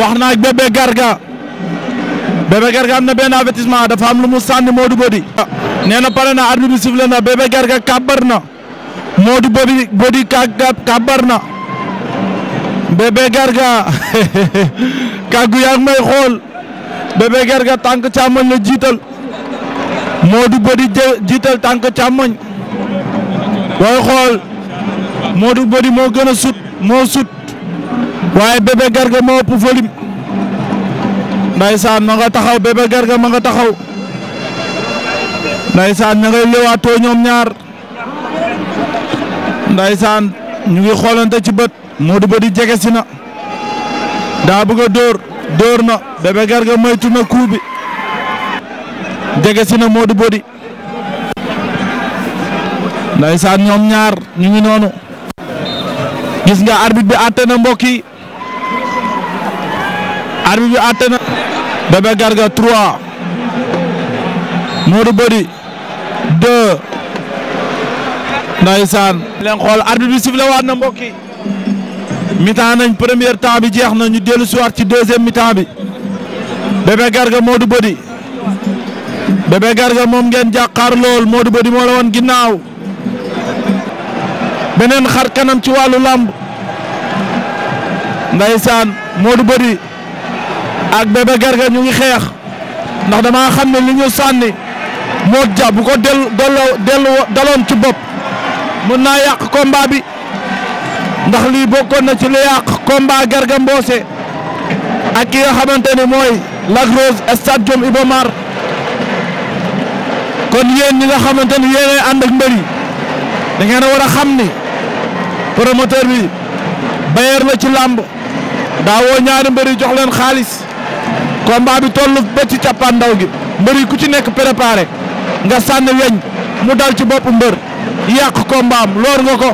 wax naag bébé Garga bébé Garga am na benn avertissement dafa am lu mu sànni Modou Bodi. nee na pare na arbitre bi sifflé na bébé Garga kàbbar na Modou Bodi Bodi kàbbar na bébé Garga kàggu yaa may xool bébé Garga tànk càmmoñ la jiital Modou Bodi jiital tànk càmmoñ booy xool. Modou Body moo gën a sut moo sut waaye Bébé Garga moo ëpp volume ndaysaan ma nga taxaw Bébé Garga ma nga taxaw ndaysaan ña ngay to ñoom ñaar ndaysaan ñu ngi xoolante ci bët Modou Body jege si na daa bëgg a dóor dóor na Bébé Garga moytu na coup bi jege si na Modou Body ndaysaan ñoom ñaar ñu ngi noonu gis nga arbitre bi àtte na mbokk yi arbitre bi àtte na Bébé Garga 3 Modou Body 2 ndaysaan leen xool arbitre bi sifflé waat na mbokk yi mi-temps nañ premier temps bi jeex na ñu dellu si waat ci deuxième mi-temps bi Bébé Garga Modou Body Bébé Garga moom ngeen jàkkaar lool Modou Body moo la woon ginnaaw beneen xar kanam ci wàllu làmb moo du Body ak Bébé Garga ñu ngi xeex ndax dama xam ne li ñu sànni moo ja bu ko del delloo delloo daloon ci bopp mën naa yàq combat bi ndax lii bokkoon na ci li yàq combat Garga Mbossé ak ki nga xamante ne mooy Lac Rose stade Jom Iba Mar kon yéen ñi nga xamante ni yéenay ànd ak mbër yi da a war a xam ni promoteur bi bayeer la ci làmb daa woo ñaari mbëri jox leen xaalis combat bi toll ba ci cappaandaw gi mbëri ku ci nekk préparé nga sànni weñ mu dal ci bopp mbër yàq combat loor nga ko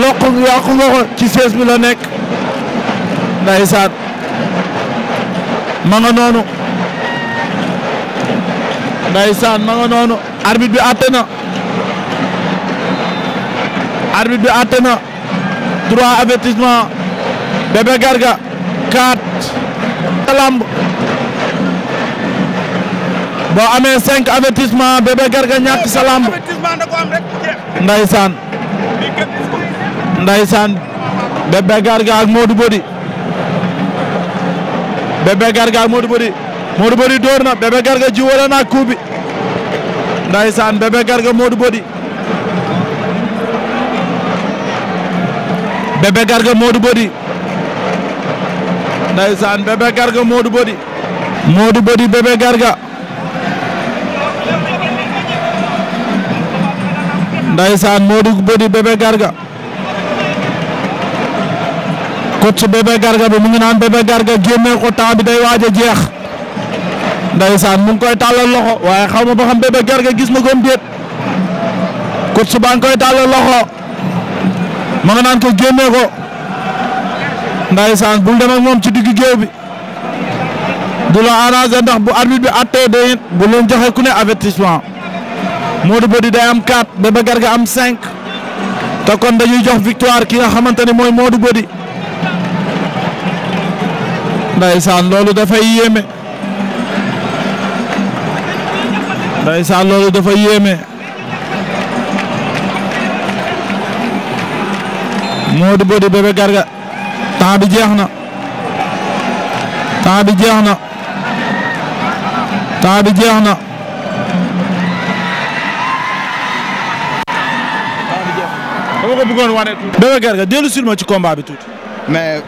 loq yàqu nga ko ci sees bi la nekk ndeysaan ma nga noonu ndeysaan ma nga noonu arbitre bi àtte na arbitre bi àtte na trois avertissement Bébé Garga quatre lamb boo amee cinq avertissement Bébé Garga ñàkk sa lamb ndaysaan ndaysaan Bébé Garga ak Modou Body Garga ak Modou Body Modou na Bébé Garga jiwala na ak coup bi ndaysaan Garga Modou Bébé Garga Modou Body ndeysaan Bébé Garga Modou Body Modou Body Bébé Garga ndeysaan Modou Body Bébé Garga coach Bébé Garga bi mu ngi naan Bébé Garga génne ko temps bi day waaj a jeex ndeysaan mu ngi koy tàllal loxo waaye xaw ma ba xam Bébé Garga gis na ko déet coach baa koy tàllal loxo ma nga naan ko génnee ko ndaysaan bul dem ak moom ci digg géew bi du la arrangé ndax bu arbitre bi attee day bu leen ku ne avertissement Modou Body day am 4 Bébé Garga am 5 te kon dañuy jox victoire ki nga xamante ne mooy Modou Body ndaysaan loolu dafay yéeme ndaysaan dafay yéeme. Modou Body Bébé Garga temps bi jeex na temps bi jeex na temps bi jeex na dama ko Garga dellu sil ma ci combat bi tuuti. mais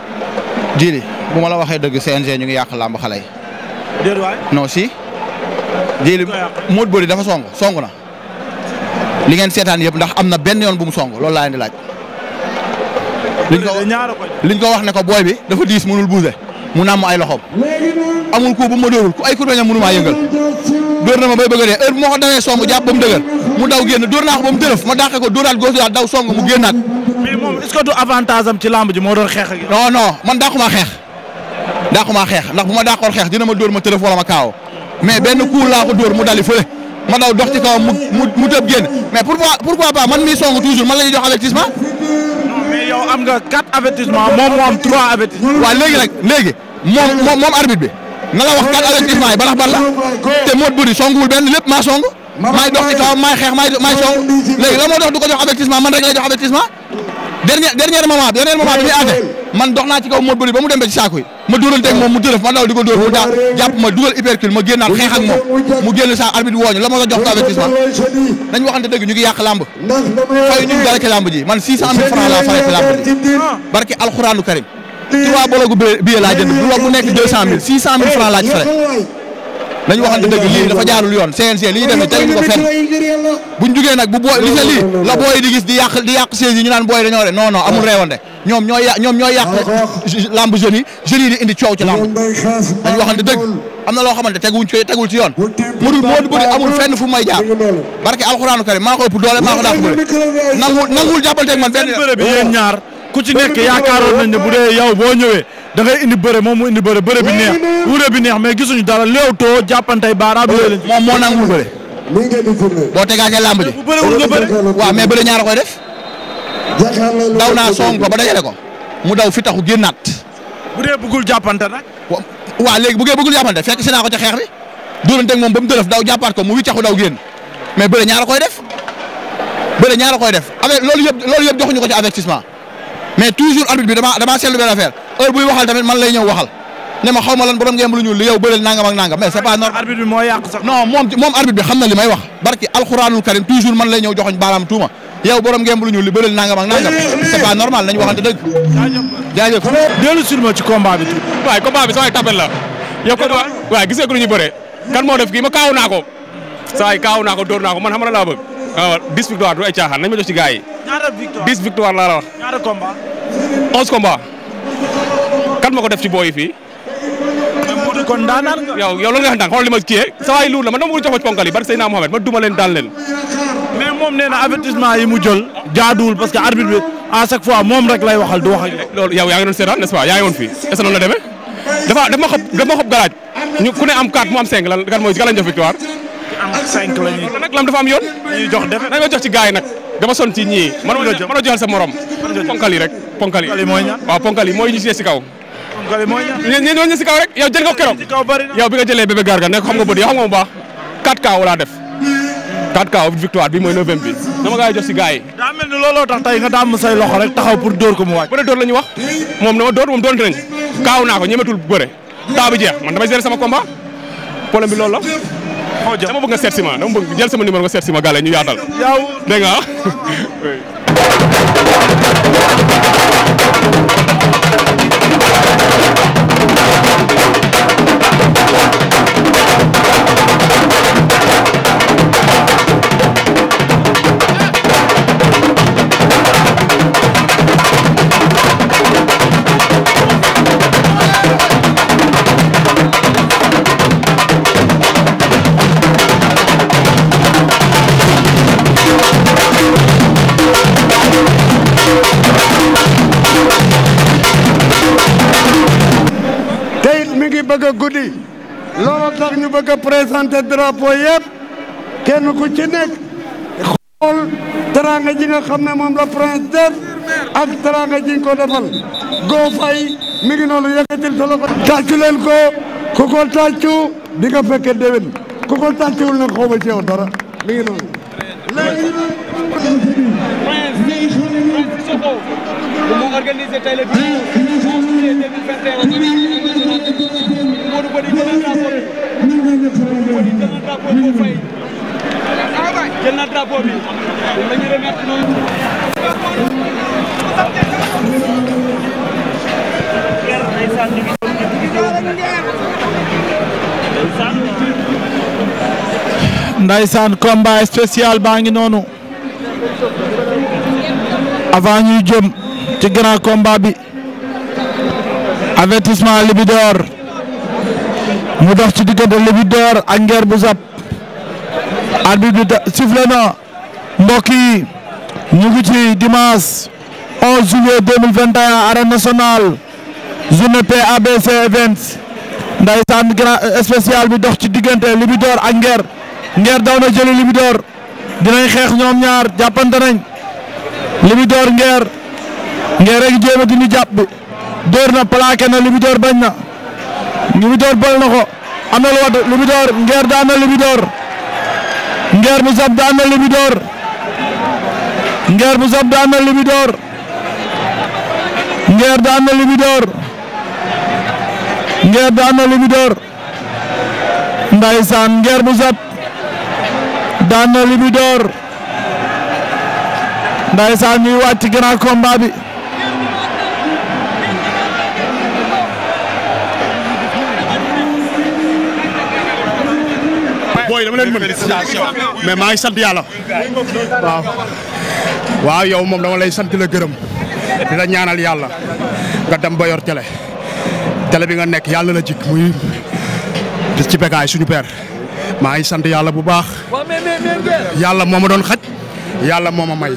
jili bu ma la waxee dëgg CNG ñu ngi yàq làmb xale yi. déedéet waay non si. jili Modou Body dafa song song na. li ngeen seetaan yëpp ndax am na benn yoon bu mu song loolu laa leen di laaj. liñ ko liñ ko wax ne ko booy bi dafa diis mënul buuse mu nàmm ay loxoom amul ku bu ma dóorul ku ay kur bañam mënu maa yëngal dóor na ma bay bëgg dee heure bu ma ko dawee song jàpp ba mu dëgër mu daw génn dóor naa ko ba mu ma dàqe ko dóoraat góosu daal daw song mu génnaat. mais moom est que du avantage ci lamb ji moo doon xeex ak non man dàqumaa xeex dàqumaa xeex ndax bu ma dàqoon xeex dina ma dóor ma tërëf wala ma kaawo mais benn coup laa ko mu dali fële ma daw dox mu mu tëb génn mais pourquoi pourquoi pas yow am nga quatre avertissement moom moo am trois avertissement. moom moom moom arbitre na wax quatre avertissement yi balax ban te Modou Boury songuwul benn lépp maa song maay dox ci kawam maay xeex maay maay song léegi la moo dox du jox avertissement man rek lay jox avertissement. dernier dernier moment dernier moment bi muy man dox naa ci kaw Modou Boli ba mu ci saako yi ma dóoranteeg moom mu dërëf ma daw di ko mu daa jàpp ma dugal hypercule ma génnaat xeex ak moom mu génn saa arbitre wooñu la ma ko jox ko avertissement nañ waxante dëgg ñu ngi yàq làmb fayu ñu dara ci làmb ji man 600 mille francs laa fayee ci làmb ji barke alxuraanu karim trois bologu billet laa jënd bu nekk 200 mille 600 mille francs laa ci nañu waxante dëgg lii dafa jaarul yoon CNC li ñu def tey ko fenn buñ jugee nag bu booy li sa lii la booy di gis di yàq di yàq chaise yi ñu naan booy dañoo re non non amul réewante ñoom ñooy yà ñoom ñooy yàq lamb jeunes yi di indi coow ci lamb dañu waxante dëgg am na loo xamante teguñ ci tegul ci yoon mënul moo bëri amul fenn fu may jaar barke alxuraanu karim maa ëpp doole maa ko daa nangul nangul jàppante man benn ñaar ku ci nekk yaakaaroon nañ ne bu dee yow boo da indi bëre moom mu indi bëre bëre bi neex wuure bi neex mais gisuñu dara léew too jàppantey baaraam. bëre moom moo nangul bëre. lii boo tegaatee làmb ji bu bërewul nga bëre. waaw mais bëre ñaar koy naa song ko ba dajale ko. mu daw fi taxu génnaat. bu dee bëggul jàppante nag. waa léegi bu dee bëggul jàppante fekk si naa ko ca xeex bi. dóoranteeg moom ba mu dërëf daw jàppaat ko mu wi taxu daw génn mais bëre ñaar koy def. bëre ñaar def avec loolu yëpp loolu yëpp ko ci mais toujours arbitre bi damaa damaa seetlu benn affaire heure buy waxal tamit man lay ñëw waxal ne ma xaw ma lan borom lu ñuul li yow bëreel nangam nangam mais c'est pas normal. arbitre bi moo yàq sax. non moom moom arbitre bi xam na li may wax barki alxuraanul karim ma ci ko waaw gisee ko def kii ma kaaw naa ko. saa kaaw naa ko dóor naa ko man xam na laa waaw 10 victoire du ay caaxaan nañ ma jox ci gars yi. ñaata victoire 10 victoire laa la wax. ñaata combat. 11 combat. kan ma ko def ci booy yi fii. kon daanaan nga. yow yow li ma kii yee saa luur la man dama bëgg jox ko ci ponkal yi barke Seydina ma duma leen daan leen. mais moom nee na yi mu jël jaaduwul parce que arbitre bi à chaque fois moom rek lay waxal du wax ak yaa ngi doon n'est-ce yaa ngi woon fii est la demee dafa dama xob dama xob galaaj ñu ku ne am 4 mu am 5 lan kan mooy ak cinq la ñuy. kon nag lam dafa am yoon. ñuy jox def nañ ma jox ci gars yi nag. dama son ci ñii. mënoo jël mënoo jël sa morom. ponkal yi rek ponkal yi. waaw ponkal yi mooy ñu si si kaw. ponkal yi mooy ña ñoo ñu si kaw rek yow jël nga ko keroog. yow bi nga jëlee bébé garga nekk xam nga bët yow xam nga bu baax. 4K wala def. 4K victoire bi mooy 9 bi. dama gaa yi jox si gars yi. daa mel ni looloo tax tey nga daam say loxo rek taxaw pour dóor ko mu wàcc. bëre dóor la ñu wax moom dama dóor moom doonte nañ kaaw naa ko ñemetul bëre taa bi jeex man damay gérer sama combat problème bi loolu la dama bëgg nga seet si ma dama bëgg jël sama numéro nga seet si ma gàlle ñu yaatal. dégg nga bëgg a présenté drapeau yëpp kenn ku ci nekk xool teraanga ji nga xam ne moom la prince def ak teraanga ji ko defal Go Faye mi ngi noonu yëkkatil sa loxo tàccu leen ko ku ko tàccu di nga fekke déwén ku ko tàccuwul nag xaw ma ci yow dara mi ngi noonu léegi moo organisé tey la bi Coly jël na Ndaysaan combat spécial baa ngi noonu avant ñuy jëm ci grand combat bi avertissement Libidor mu dox ci diggante Libidor ak Nguer bu Zap arbitre bi sifflé na mbokk yi ñu ngi ci dimanche 11 juillet 2021 arène nationale journée PABC events ndaysaan grand euh, spécial bi dox ci diggante Libidor ak Nguer Nguer daw na jëli Libidor dinañ xeex ñoom ñaar jàppante nañ Libidor Nguer Nguer rek jéem a dindi jàpp bi dóor na plaqué na Libidor bañ na. Libidor bal na ko am na lu wadd Libidor ngeer daan na Libidor ngeer bu sab daan na Libidor ngeer bu sab daan na Libidor ngeer daan na Libidor ngeer daan ngeer bu sab daan na Libidor ndaysaan ñuy wàcc grand combat bi booy mais maa ngi sant yàlla waaw waaw yow moom dama lay sant la gërëm di la ñaanal yàlla nga dem ba yor télé télé bi nga nekk yàlla la jik muy ci bekaay suñu maa ngi sant yàlla bu baax yàlla moo ma doon xaj yàlla moo ma may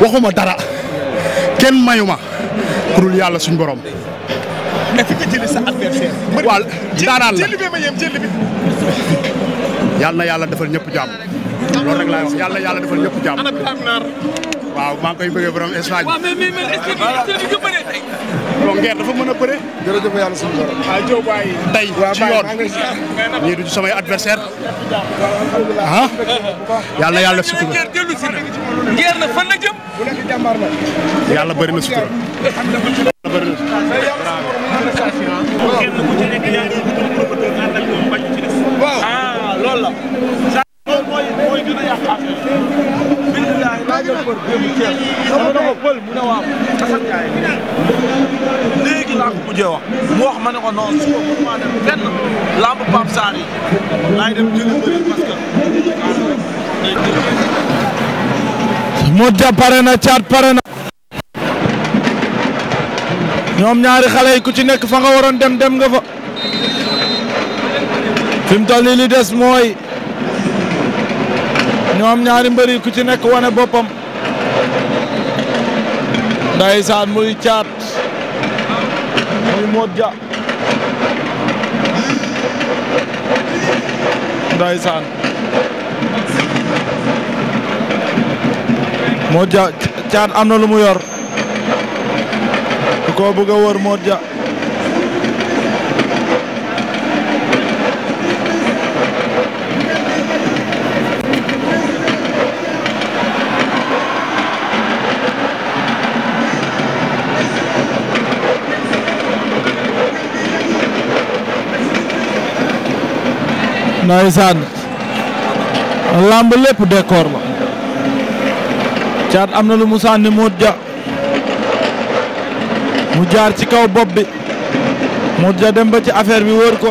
waxuma dara kenn mayu ma yàlla suñu borom. mais fi nga yem jëli yàlla na yàlla defal ñëpp jàpp loolu rek laay wax yàlla yàlla defal ñëpp jàmm. waaw maa ngi koy bëggee borom Espagne. waaw mais mais mais mën a bëre. jërëjëf yàlla suñu ah, ci yoon ñii du samay adversaire ah yàlla na yàlla def sutura. ngeer na yàlla bëri na mbër démb ceeb dama ne ko pël mu ne waaw Assane Ndiaye léegi laa ko mujjee wax mu wax ma ne ko non suba pour maa dem fenn làmb Pape Sarr yi laay dem jëli mbër parce que moo ja pare na caat pare na ñoom ñaari xale yi ku ci nekk fa nga waroon dem dem nga fa fi mu toll nii li des mooy ñoom ñaari mbër yi ku ci nekk wane boppam ndeysaan muy caat muy Modou Dia ndeysaan Modou Dia caat am na lu mu yor ku ko bëgg a wër Modou ndeysaan lamb lépp décor la caat am na lu mu sànni Modou Dia mu jaar ci kaw bopp bi Modou Dia dem ba ci affaire bi wër ko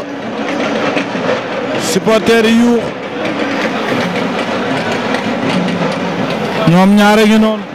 supporter yu ñoom ñaare noonu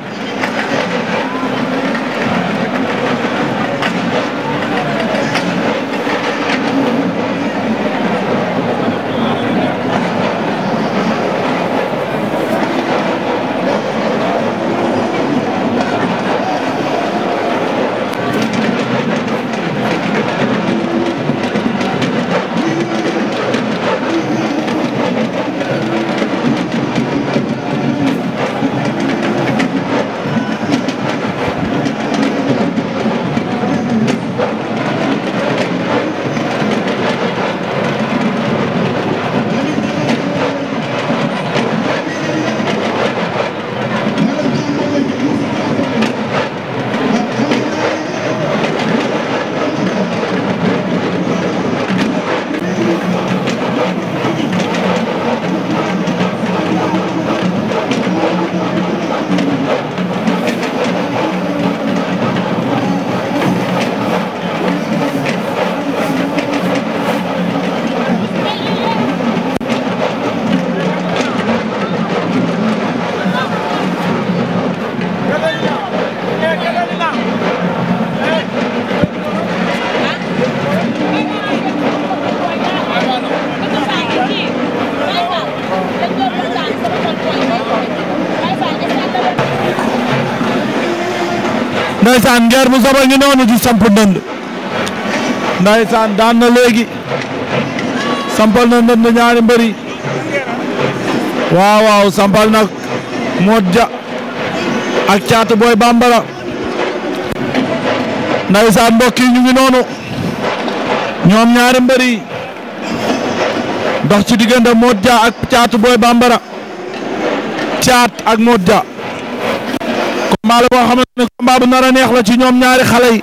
Ndeysaan ngeer bu saba ngi noonu di samp ndënd Ndeysaan daan na léegi sampal na ndënd ñaari mbëri waaw sampal na Modou Dia ak Caatu Boy Bambara Ndeysaan mbokk yi ñu ngi noonu ñoom ñaari mbëri dox ci diggante Modou Dia ak Caatu Boy Bambara Caat ak Modou Dia combat bu nar a neex la ci ñoom ñaari xale yi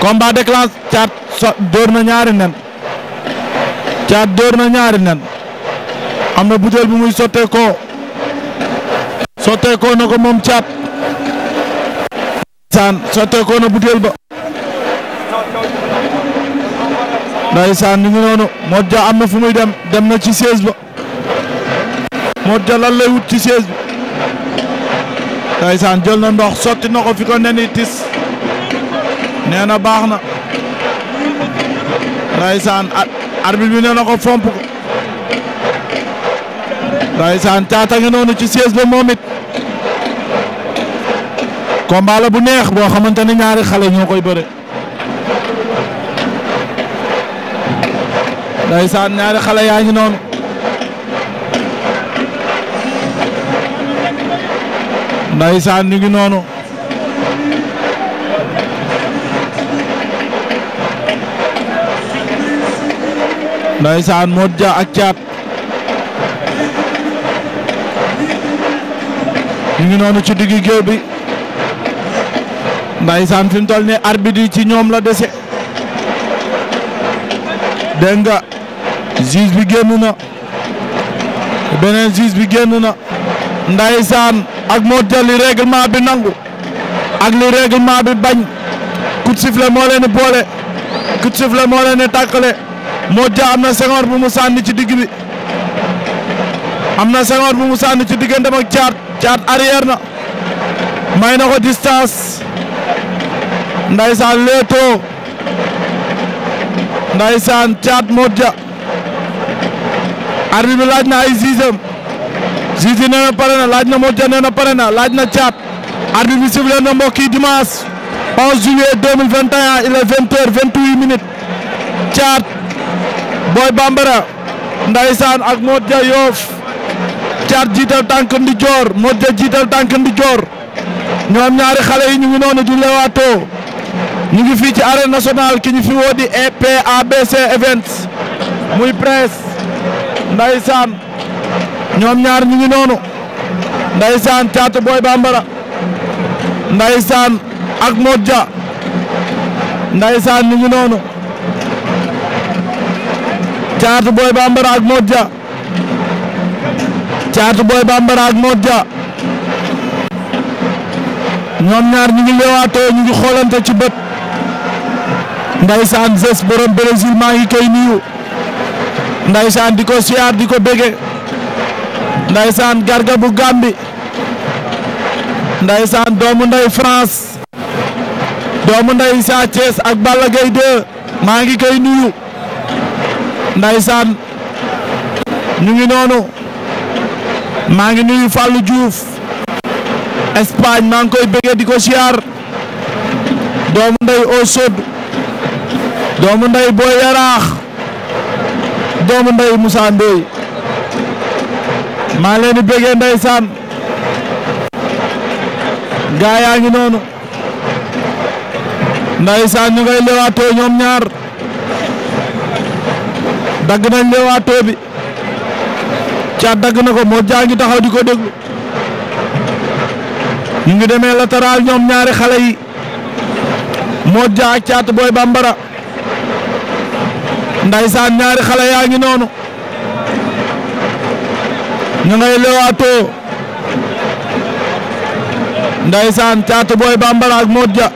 combat déclenche caat so na ñaari nen caat dóor na ñaari nen am na butéel bu muy sotteekoo sotteekoo na ko moom caat saan sotteekoo na butéel ba ndeysaan ñu ngi noonu Modou am na fu muy dem dem na ci siège ba Modou Dia wut ci siège Ndeysaan jël na ndox sotti na ko fi ko nen tis nee na baax na Ndeysaan arbitre bi nee na ko fomp ko Ndeysaan caata nga ci siège ba moom it combat bu neex boo xamante ni ñaari xale ñoo koy bëre Ndeysaan ñaari xale yaa ngi noonu ndaysaan ñu ngi noonu ndaysaan Modou Dia ak Thiat ñu ngi noonu ci diggi géew bi ndaysaan fi mu toll nii arbitre yi ci ñoom la dese dégg nga juge bi génn na beneen juge bi génn na ndaysaan ak moo jël li règlement bi nangu ak li règlement bi bañ coup de sifflet moo leen boole coup de sifflet moo leen di tàqale moo ja am na sengoor bu mu sànni ci digg bi am na sengoor bu mu sànni ci digganteem ak caat caat arrière na may na ko distance ndaysaan leetoo ndaysaan caat moo ja arbitre bi laaj na ay sixième Zizi nee na laaj na Modou Dia nee na pare na laaj na caat arbitre bi na mbokk yi dimanche 11 juillet 2021 il est 20h28 minutes caat Boy Bambara Ndaysaan ak Modou Dia Yoff jiital tànk ndi joor Modou jiital tànk ndi joor ñoom ñaari xale yi ñu ngi noonu di lewaatoo ñu ngi fii ci arène nationale ki ñu fi woo di EPABC events muy presse Ndaysaan. ñoom ñaar ñu ngi noonu ndaysaan Caatu Boy Bambara ndaysaan ak Modja ndaysaan ñu ngi noonu Caatu Boy Bambara ak Modja Caatu Boy Bambara ak ñoom ñaar ñu ngi leewaatoo ñu ngi xoolante ci bët ndaysaan Zes borom Brésil maa ngi koy nuyu ndaysaan di ko siyaar di ko bége ndaysaan garga bu gambi ndaysaan doomu nday France doomu nday Sa Thiès ak Balla Gaye maa ngi koy nuyu ndaysaan ñu ngi noonu maa ngi nuyu Fallou Diouf Espagne maa ngi koy bëggee di ko siyaar doomu nday Osod doomu nday Boy Yaraax doomu nday Moussa maa ngi leen di bëggee ndeysaan gaa yaa ngi noonu ndeysaan ñu ngay lewaatoo ñoom ñaar dagg nañ lewaatoo bi ca dagg na ko moo jaa ngi taxaw di ko déglu ñu demee latéral ñoom ñaari xale yi moo jaa caat booy bambara ndeysaan ñaari xale yaa ngi noonu ñu ngay lewaatoo ndaysaan caatu booy bambara ak Modou Dia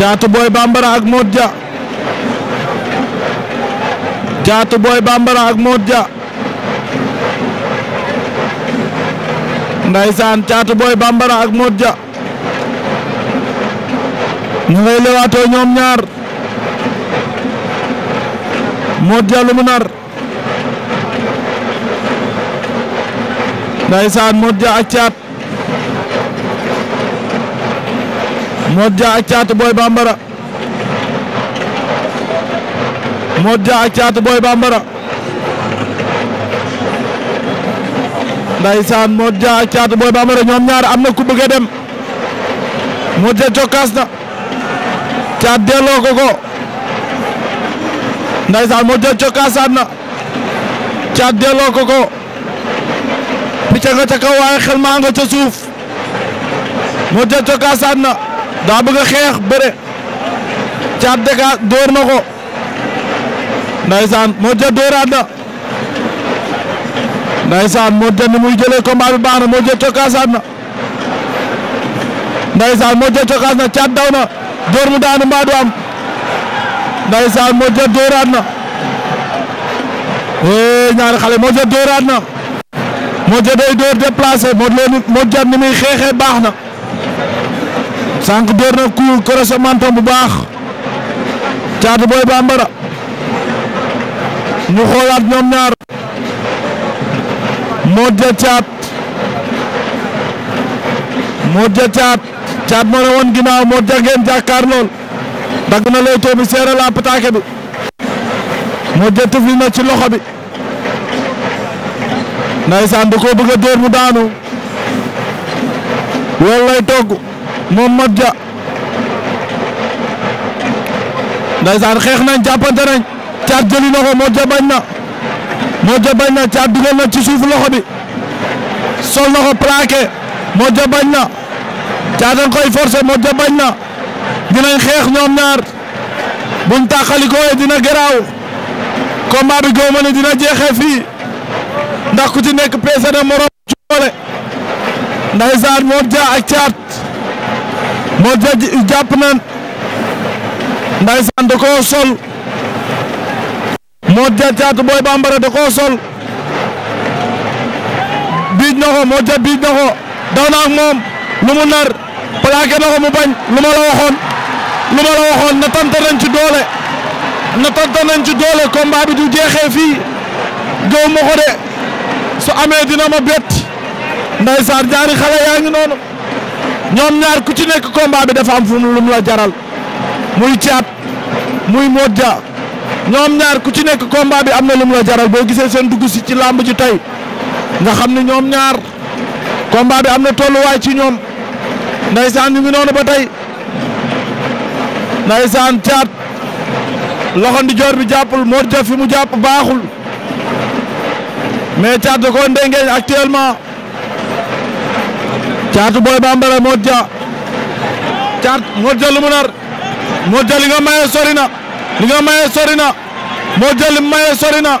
caatu booy bambara ak Modou Dia caatu booy bambara ak Modou Dia ndaysaan caatu booy bambara ak Modou Dia ñu ngay lewaatoo ñoom ñaar Modou Dia lu mu nar ndaysaan Modou Dia ak Thiat Modou Dia ak Boy Bambara Modou Dia ak Thiat Boy Bambara ndaysaan Modou Dia ak Thiat Boy Bambara ñoom ñaar am na ku bëgg a dem Modou Dia na Thiat delloo ko ko ndaysaan Modou Dia na caat delloo ko arbitre nga ca kaw waaye xel maa nga ca suuf moo jël cokaasaat na daa bëgg a xeex bëre caat deka dóor na ko ndaysaan moo jël dóoraat na ndaysaan moo jël ni muy jëlee baax na moo jël cokaasaat na ndaysaan moo jël cokaas na caat daw na dóor mu daanu mbaa du am ndaysaan moo jël dóoraat na ñaari xale moo jël dóoraat na Modou Dia day door déplacé Modou Lo Modou Dia ni baax na sànq der na ku croisé menton bu baax Thiatou Boy Bambara ñu xoolaat ñoom ñaar Modou caat Thiat Modou Dia Thiat Thiat moo ne woon ginnaaw Modou Dia ngeen jàkkaar dagg na lay too bi seere la pataake bi Modou Dia tëfli na ci loxo bi naa da koo bëgg a dóor mu daanu loolu lay togg moom Mat Dia ndaysaan xeex nañ jàppante nañ caat jëli na ko Mat Dia bañ na ci suuf loxo bi sol na ko plaqué Mat Dia na caat dañ koy forcer Mat Dia na dinañ xeex ñoom naar buñ tàqalikoo dina garaaw combat bi góoma ne dina jeexee fii ndax ku ci nekk peese na morom ci doole ndaysaan ak Thiat Mor Dia jàpp na ndaysaan da koo sol Mor Dia Thiat Boy Bambara da koo sol biij na ko na ko daw na ak moom lu mu nar plaqué na mu bañ lu ma la waxoon lu ma la nañ ci doole na tante nañ ci doole combat bi jeexee fii gëw ma su amee dina ma bett ndeysaan ñaari xale yaa ngi noonu ñoom ñaar ku ci nekk combat bi dafa am fu mu mu la jaral muy caat muy modja ñoom ñaar ku ci nekk combat bi am na lu mu la jaral boo gisee seen dugg si ci làmb ji tey nga xam ne ñoom ñaar combat bi am na tolluwaay ci ñoom ndeysaan ñu ngi noonu ba tey ndeysaan caat loxo joor bi jàppul modja fi mu jàpp baaxul mais Thiatou da koo ndengeñ actuellement Thiatou Boy Bambara Modou Dia Thiatou Modou Dia lu mu nar Modou Dia li nga maye sori na li nga maye sori na Modou Dia li mu sori na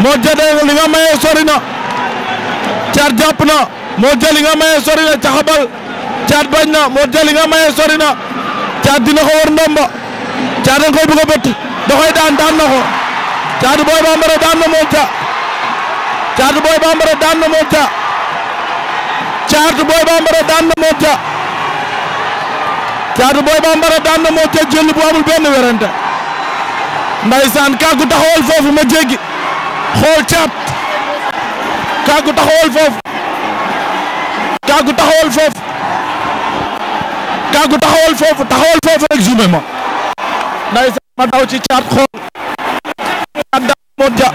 Modou Dia de sori na Thiatou jàpp na Modou Dia nga maye sori na caxabal Thiatou na Modou sori na Thiatou dina ko ndomba Thiatou da nga a bët da daan daan na ko Thiatou Boy Bambara daan na Modou Thiatou Boy Bambara daan na Modja Thiatou Boy Bambara daan na Modja Thiatou Boy Bambara daan na Modja jël bu amul benn werante ndaysaan kàggu taxawal foofu ma jéggi xool caat kàggu taxawal foofu kàggu taxawal foofu kàggu taxawal foofu taxawal foofu rek jume ma ndaysaan ma daw ci caat xool caat daan na Modja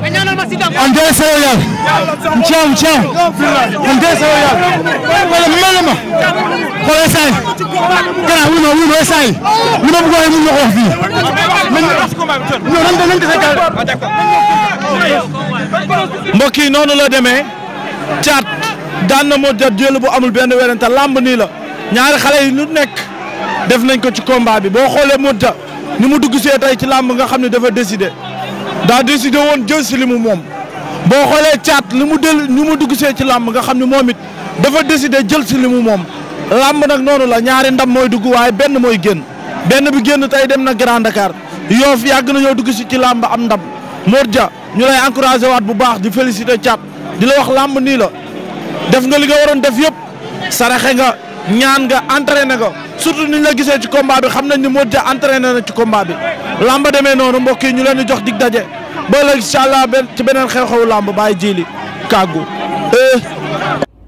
Ande Sénégal Thiam Thiam Ande Sénégal wala mel na ma xoolal saa yi gannaaw ma wuy ma saa yi ma bëggoon mun fii man noonu la demee caat daan na moo jël bu amul benn werante làmb nii la ñaari xale yi lu nekk def nañ ko ci combat bi boo xoolee Modou Dia mu dugg see tey ci làmb nga xam ne dafa décidé. daa décidé woon jël si li mu moom boo xoolee caat li mu del ni mu dugg see ci làmb nga xam ne moom it dafa décidé jël si li mu moom làmb nag noonu la ñaari ndam mooy dugg waaye benn mooy génn benn bi génn tey dem na Grand Dakar Yoff yàgg nañoo dugg si ci làmb am ndam Mor Dia ñu lay encouragé waat bu baax di félicité caat di la wax làmb nii la def nga li nga waroon def yëpp saraxe nga ñaan nga entraîné nga surtout ni ñu la gisee ci combat bi xam nañ ni Mor Dia entraîné na ci combat bi làmb demee noonu mbokk yi ñu leen di jox dig daje. ba léegi incha allah benn ci beneen xew-xewu làmb bàyyi jiili kàggu. Eh.